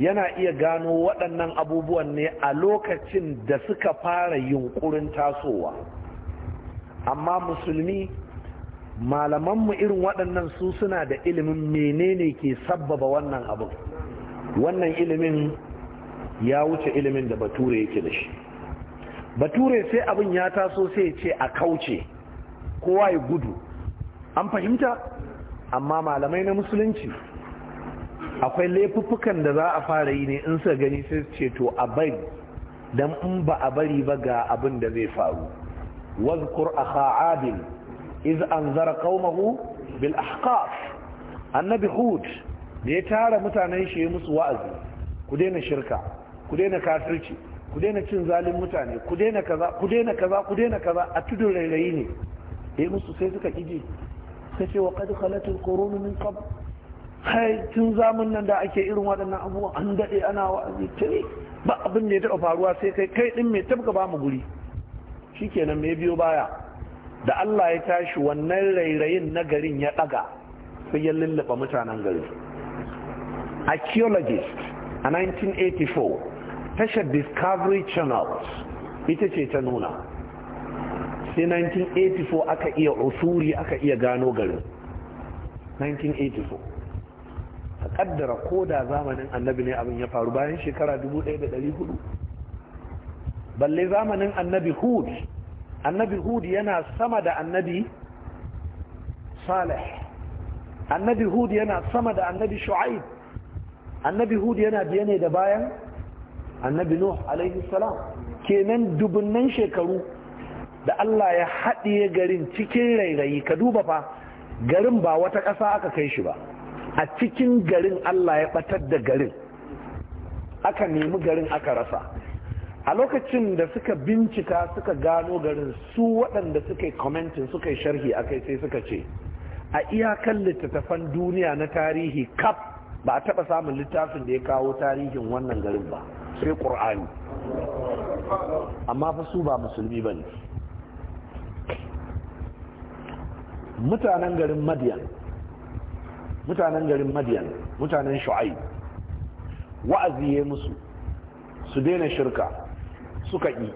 yana iya gano waɗannan abubuwan ne a lokacin da suka fara yunkurin tasowa amma musulmi malamanmu irin waɗannan su suna da ilimin menene ke sabbaba wannan abu wannan ilimin ya wuce ilimin da bature yake da shi bature sai abin ya taso sai ce a kauce kowa ya gudu an fahimta amma malamai na musulunci akwai laifuffukan da za a fara yi ne in sa gani sai ce to a bari dan in ba a bari ba ga abin da zai faru wazkur akha adil iz anzara qaumahu bil ahqaf annabi hud da ya tara mutanen shi musu wa'azi ku daina shirka ku daina kafirci ku daina cin zalin mutane ku daina kaza ku daina kaza ku daina kaza a tudun rairayi ne eh musu sai suka kije sai ce wa qad khalatul qurun min qabl kai tun zamun nan da ake irin waɗannan abubuwa an daɗe ana wa'azi tuni ba abin da ya taɓa faruwa sai kai kai ɗin mai tabka ba mu guri shi kenan mai biyo baya da Allah ya tashi wannan rairayin na garin ya ɗaga sai ya lullufa mutanen garin archaeologist a 1984 tashar discovery channel ita ce ta nuna sai 1984 aka iya usuri aka iya gano garin 1984 kaddara ko da zamanin annabi ne abin ya faru bayan shekara 1400 balle zamanin annabi hud annabi hud yana sama da annabi salih annabi hud yana sama da annabi shu'aib annabi hud yana biye ne da bayan annabi nuh alaihi salam kenan dubunnan shekaru da Allah ya haɗiye garin cikin rairayi ka duba fa garin ba wata ƙasa aka kai shi ba a cikin garin Allah ya batar da garin aka nemi garin aka rasa a lokacin da suka bincika suka gano garin su waɗanda suka yi commenting suka yi sharhi akai sai suka ce a iyakan littattafan duniya na tarihi kaf ba a taɓa samun littafin da ya kawo tarihin wannan garin ba sai ƙur'ani amma fa su ba musulmi ba ne mutanen garin madiyan mutanen garin madiyan mutanen shu'aib wa'azi ya musu su daina shirka suka ƙi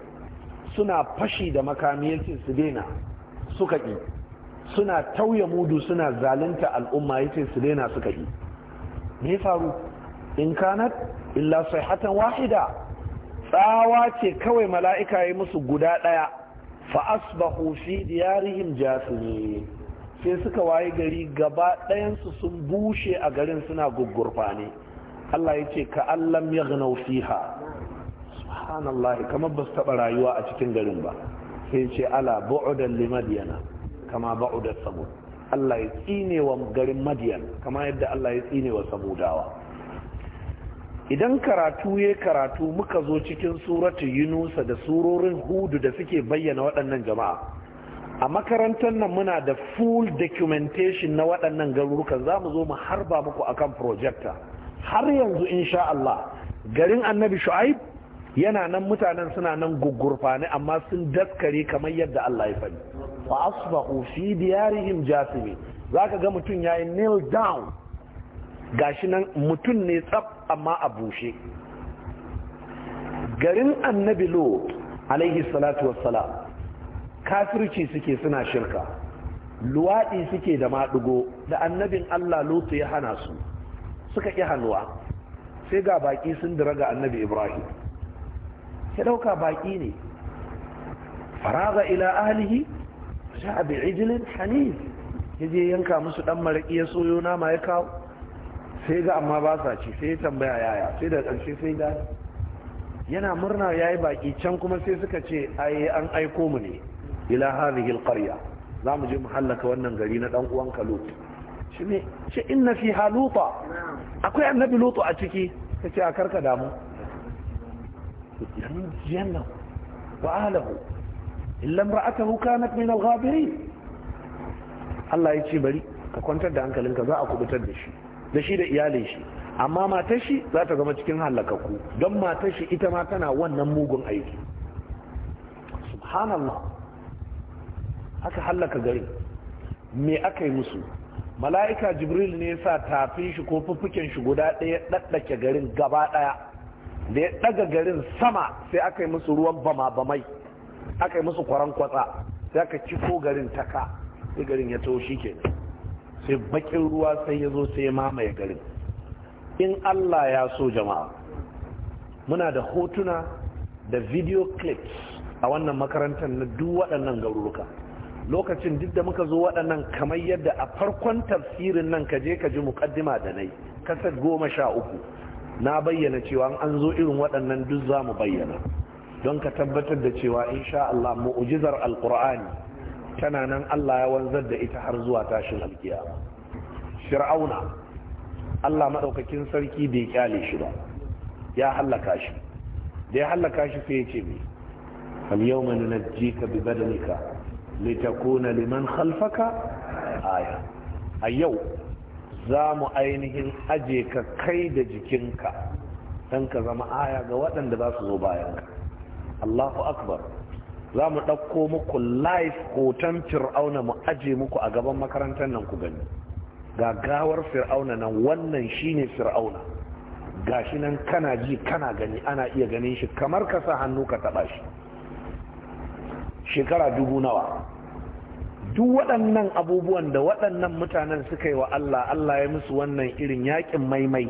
suna fashi da makamiyarci su daina suka ƙi suna tauye mudu suna zalunta al'umma yace su daina suka ƙi me faru in kanat illa sayhatan wahida tsawa ce kawai mala'ika ya musu guda ɗaya fa asbahu fi diyarihim jasimin sai suka waye gari gaba ɗayansu sun bushe a garin suna gugurfane Allah ya ce ka allam ya fiha subhanallah kamar ba su taɓa rayuwa a cikin garin ba sai ce ala ba'udan li madiyana kama ba'udan samud Allah ya tsine wa garin madiyan kama yadda Allah ya tsine wa samudawa idan karatu ya karatu muka zo cikin suratu yunusa da surorin hudu da suke bayyana waɗannan jama'a a makarantar nan muna da full documentation na waɗannan garurukan za mu zo mu harba muku akan projector har yanzu insha Allah garin annabi shu'aib yana nan mutanen suna nan gugurfani amma sun daskare kamar yadda Allah ya faɗi fa asbahu fi diyarihim jasimi zaka ga mutum yayi nail down gashi nan mutum ne tsaf amma a bushe garin annabi lo alaihi salatu wassalam kafirci suke suna shirka luwaɗi suke da maɗigo da annabin Allah lutu ya hana su suka ƙi hannuwa sai ga baƙi sun dira ga annabi ibrahim ya ɗauka baƙi ne faraga ila ahalihi sha bi ijilin hanif ya je yanka musu ɗan maraƙi ya soyo nama ya kawo sai ga amma ba sa ci sai tambaya yaya sai da ƙarshe sai ga yana murna ya yi baƙi can kuma sai suka ce ai an aiko mu ne ila hadhihi alqarya za mu je mu hallaka wannan gari na dan uwan ka lut shi shi inna fi haluta akwai annabi lutu a ciki kace a karka damu yamin janna wa ahlihi illa imra'atuhu kanat min al Allah ya ce bari ka kwantar da hankalinka za a kubutar da shi da shi da iyalin shi amma matar shi za ta zama cikin halakaku don matar shi ita ma tana wannan mugun aiki subhanallah aka hallaka gari me aka yi musu mala'ika jibril ne sa tafin shi ko fuffuken shi guda ɗaya ɗaɗɗake garin gaba ɗaya da ya ɗaga garin sama sai aka yi musu ruwan bama-bamai aka yi musu kwaran kwatsa sai aka ciko garin taka sai garin ya taho shi kenan sai bakin ruwa sai ya zo sai ya mamaye garin in allah ya so jama'a muna da hotuna da video clips a wannan makarantar na duk waɗannan garuruka lokacin duk da muka zo waɗannan kamar yadda a farkon tafsirin nan ka je ka ji mukaddima da nai kasar goma sha uku na bayyana cewa an zo irin waɗannan duk za mu bayyana don ka tabbatar da cewa insha Allah mu'ujizar alqur'ani tana nan Allah ya wanzar da ita har zuwa tashin alkiyama fir'auna Allah madaukakin sarki bai kyale shi ba ya halaka shi da ya halaka shi sai ya ce me al yawma nunajjika bi badanika litakuna liman khalfaka aya a yau za mu ainihin aje ka kai da jikinka don ka zama aya ga waɗanda za su zo ka. allahu akbar za mu ɗauko muku live hoton fir'auna mu aje muku a gaban makarantar nan ku gani ga gawar fir'auna nan wannan shine fir'auna gashi nan kana ji kana gani ana iya ganin shi kamar ka sa hannu ka taɓa shi shekara dubu nawa duk waɗannan abubuwan da waɗannan mutanen suka yi wa Allah Allah ya musu wannan irin yakin maimai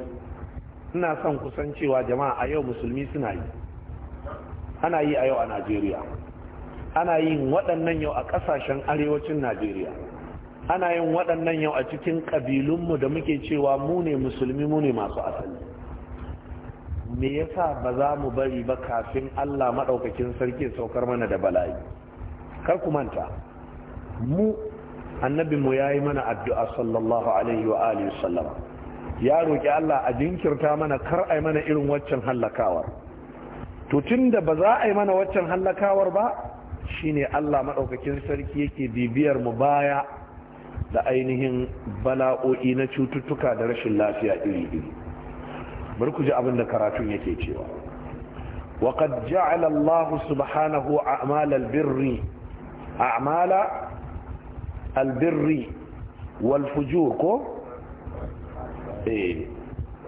ina son kusan jama'a a yau musulmi suna yi ana yi a yau a Najeriya ana yin waɗannan yau a ƙasashen arewacin Najeriya ana yin waɗannan yau a cikin ƙabilunmu da muke cewa mu ne musulmi mu ne masu asali me yasa ba za mu bari ba kafin Allah maɗaukakin sarki saukar mana da bala'i kar ku manta mu annabinmu ya yi mana addu'a sallallahu alaihi wa alihi sallama ya roƙi Allah a jinkirta mana kar a mana irin waccan halakawar to tun da ba za a yi mana waccan hallakawar ba shine Allah maɗaukakin sarki yake bibiyar mu baya da ainihin bala'o'i na cututtuka da rashin lafiya iri-iri Bar ku ji abin da karatun yake cewa وقد جعل الله سبحانه أعمال البر a'mala albirri wal fujur ko eh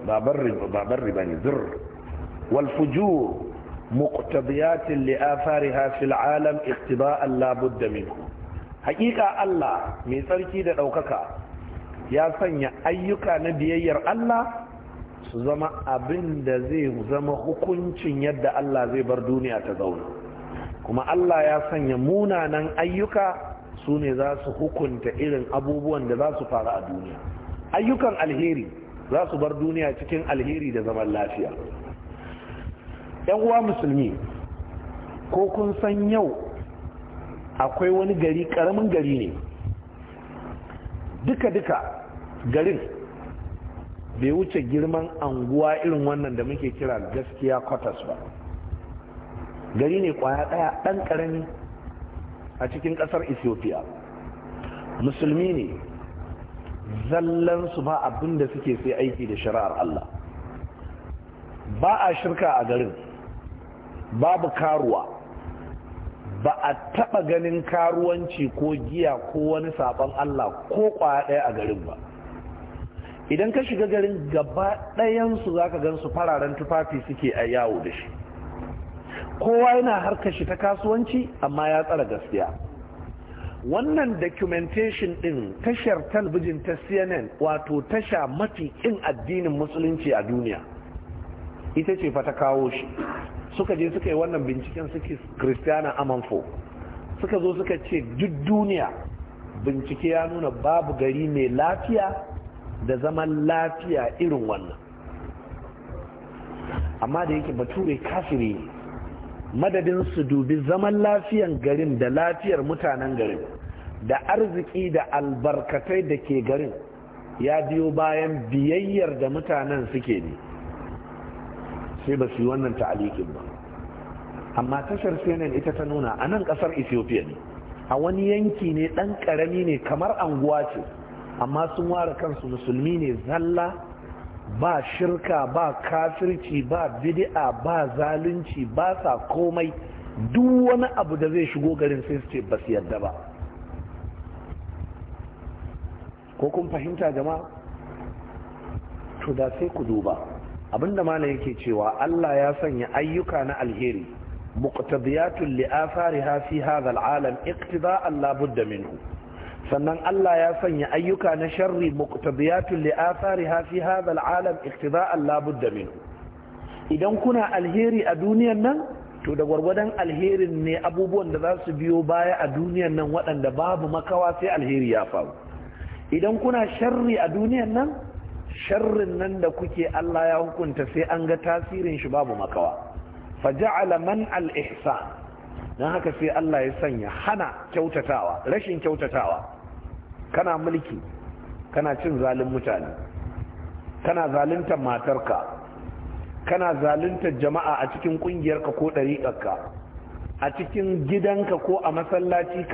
ba barri ba barri bane zir wal fujur muqtadiyat li athariha Allah mai tsarki da ɗaukaka ya sanya ayyuka na biyayyar Allah su zama abin da zai zama hukuncin yadda Allah zai bar duniya ta zauna kuma Allah ya sanya munanan ayyuka su ne za su hukunta irin abubuwan da za su faru a duniya ayyukan alheri za su bar duniya cikin alheri da zaman lafiya yan uwa musulmi ko kun san yau akwai wani gari karamin gari ne duka-duka garin bai wuce girman anguwa irin wannan da muke kira gaskiya kwatas ba gari ne kwaya ɗaya ɗan ƙarami a cikin ƙasar ethiopia musulmi ne zallansu ba abin da suke sai aiki da shari'ar allah ba a shirka a garin babu karuwa ba a taɓa ganin karuwanci ko giya ko wani sabon Allah ko kwaya ɗaya a garin ba idan ka shiga garin gaba ɗayansu za ka gan su fararen tufafi suke a yawo da shi kowa yana harkar shi ta kasuwanci amma ya tsara gaskiya wannan documentation din tashar talbijin ta cnn wato tasha mafi kin addinin musulunci a duniya ita ce fa ta kawo shi suka je suka yi wannan binciken suke kristiyana amanfo suka zo suka ce duk duniya bincike ya nuna babu gari mai lafiya da zaman lafiya irin wannan amma da yake bature kafiri ne madadin su dubi zaman lafiyan garin da lafiyar mutanen garin da arziki da albarkatai da ke garin ya biyo bayan biyayyar da mutanen suke ne sai ba su yi wannan ta'alikin ba amma tashar cnn ita ta nuna a nan kasar ethiopia ne a wani yanki ne dan karami ne kamar anguwa ce amma sun ware kansu musulmi ne zalla ba shirka ba kafirci ba bidi'a, ba zalunci ba sa komai duk wani abu da zai shigo garin sai su ce ba su yadda ba ko kun fahimta jama'a to da sai ku duba abinda mana yake cewa Allah ya sanya ayyuka na alheri muqtadiyatun li athariha fi hadha al'alam iqtida'an la budda minhu sannan Allah ya sanya ayyuka na sharri muqtadiyatun li athariha fi hadha al'alam iqtida'an la budda minhu idan kuna alheri a duniyan nan to da gwargwadon alherin ne abubuwan da za su biyo baya a duniyan nan waɗanda babu makawa sai alheri ya faru idan kuna sharri a duniyan nan sharrin nan da kuke Allah ya hukunta sai an ga tasirin shi babu makawa faja'ala man al-ihsan dan haka sai Allah ya sanya hana kyautatawa rashin kyautatawa kana mulki kana cin zalin mutane kana zaluntar matarka kana zaluntar jama'a a cikin ƙungiyarka ko ɗariƙarka a cikin gidanka ko a masallaci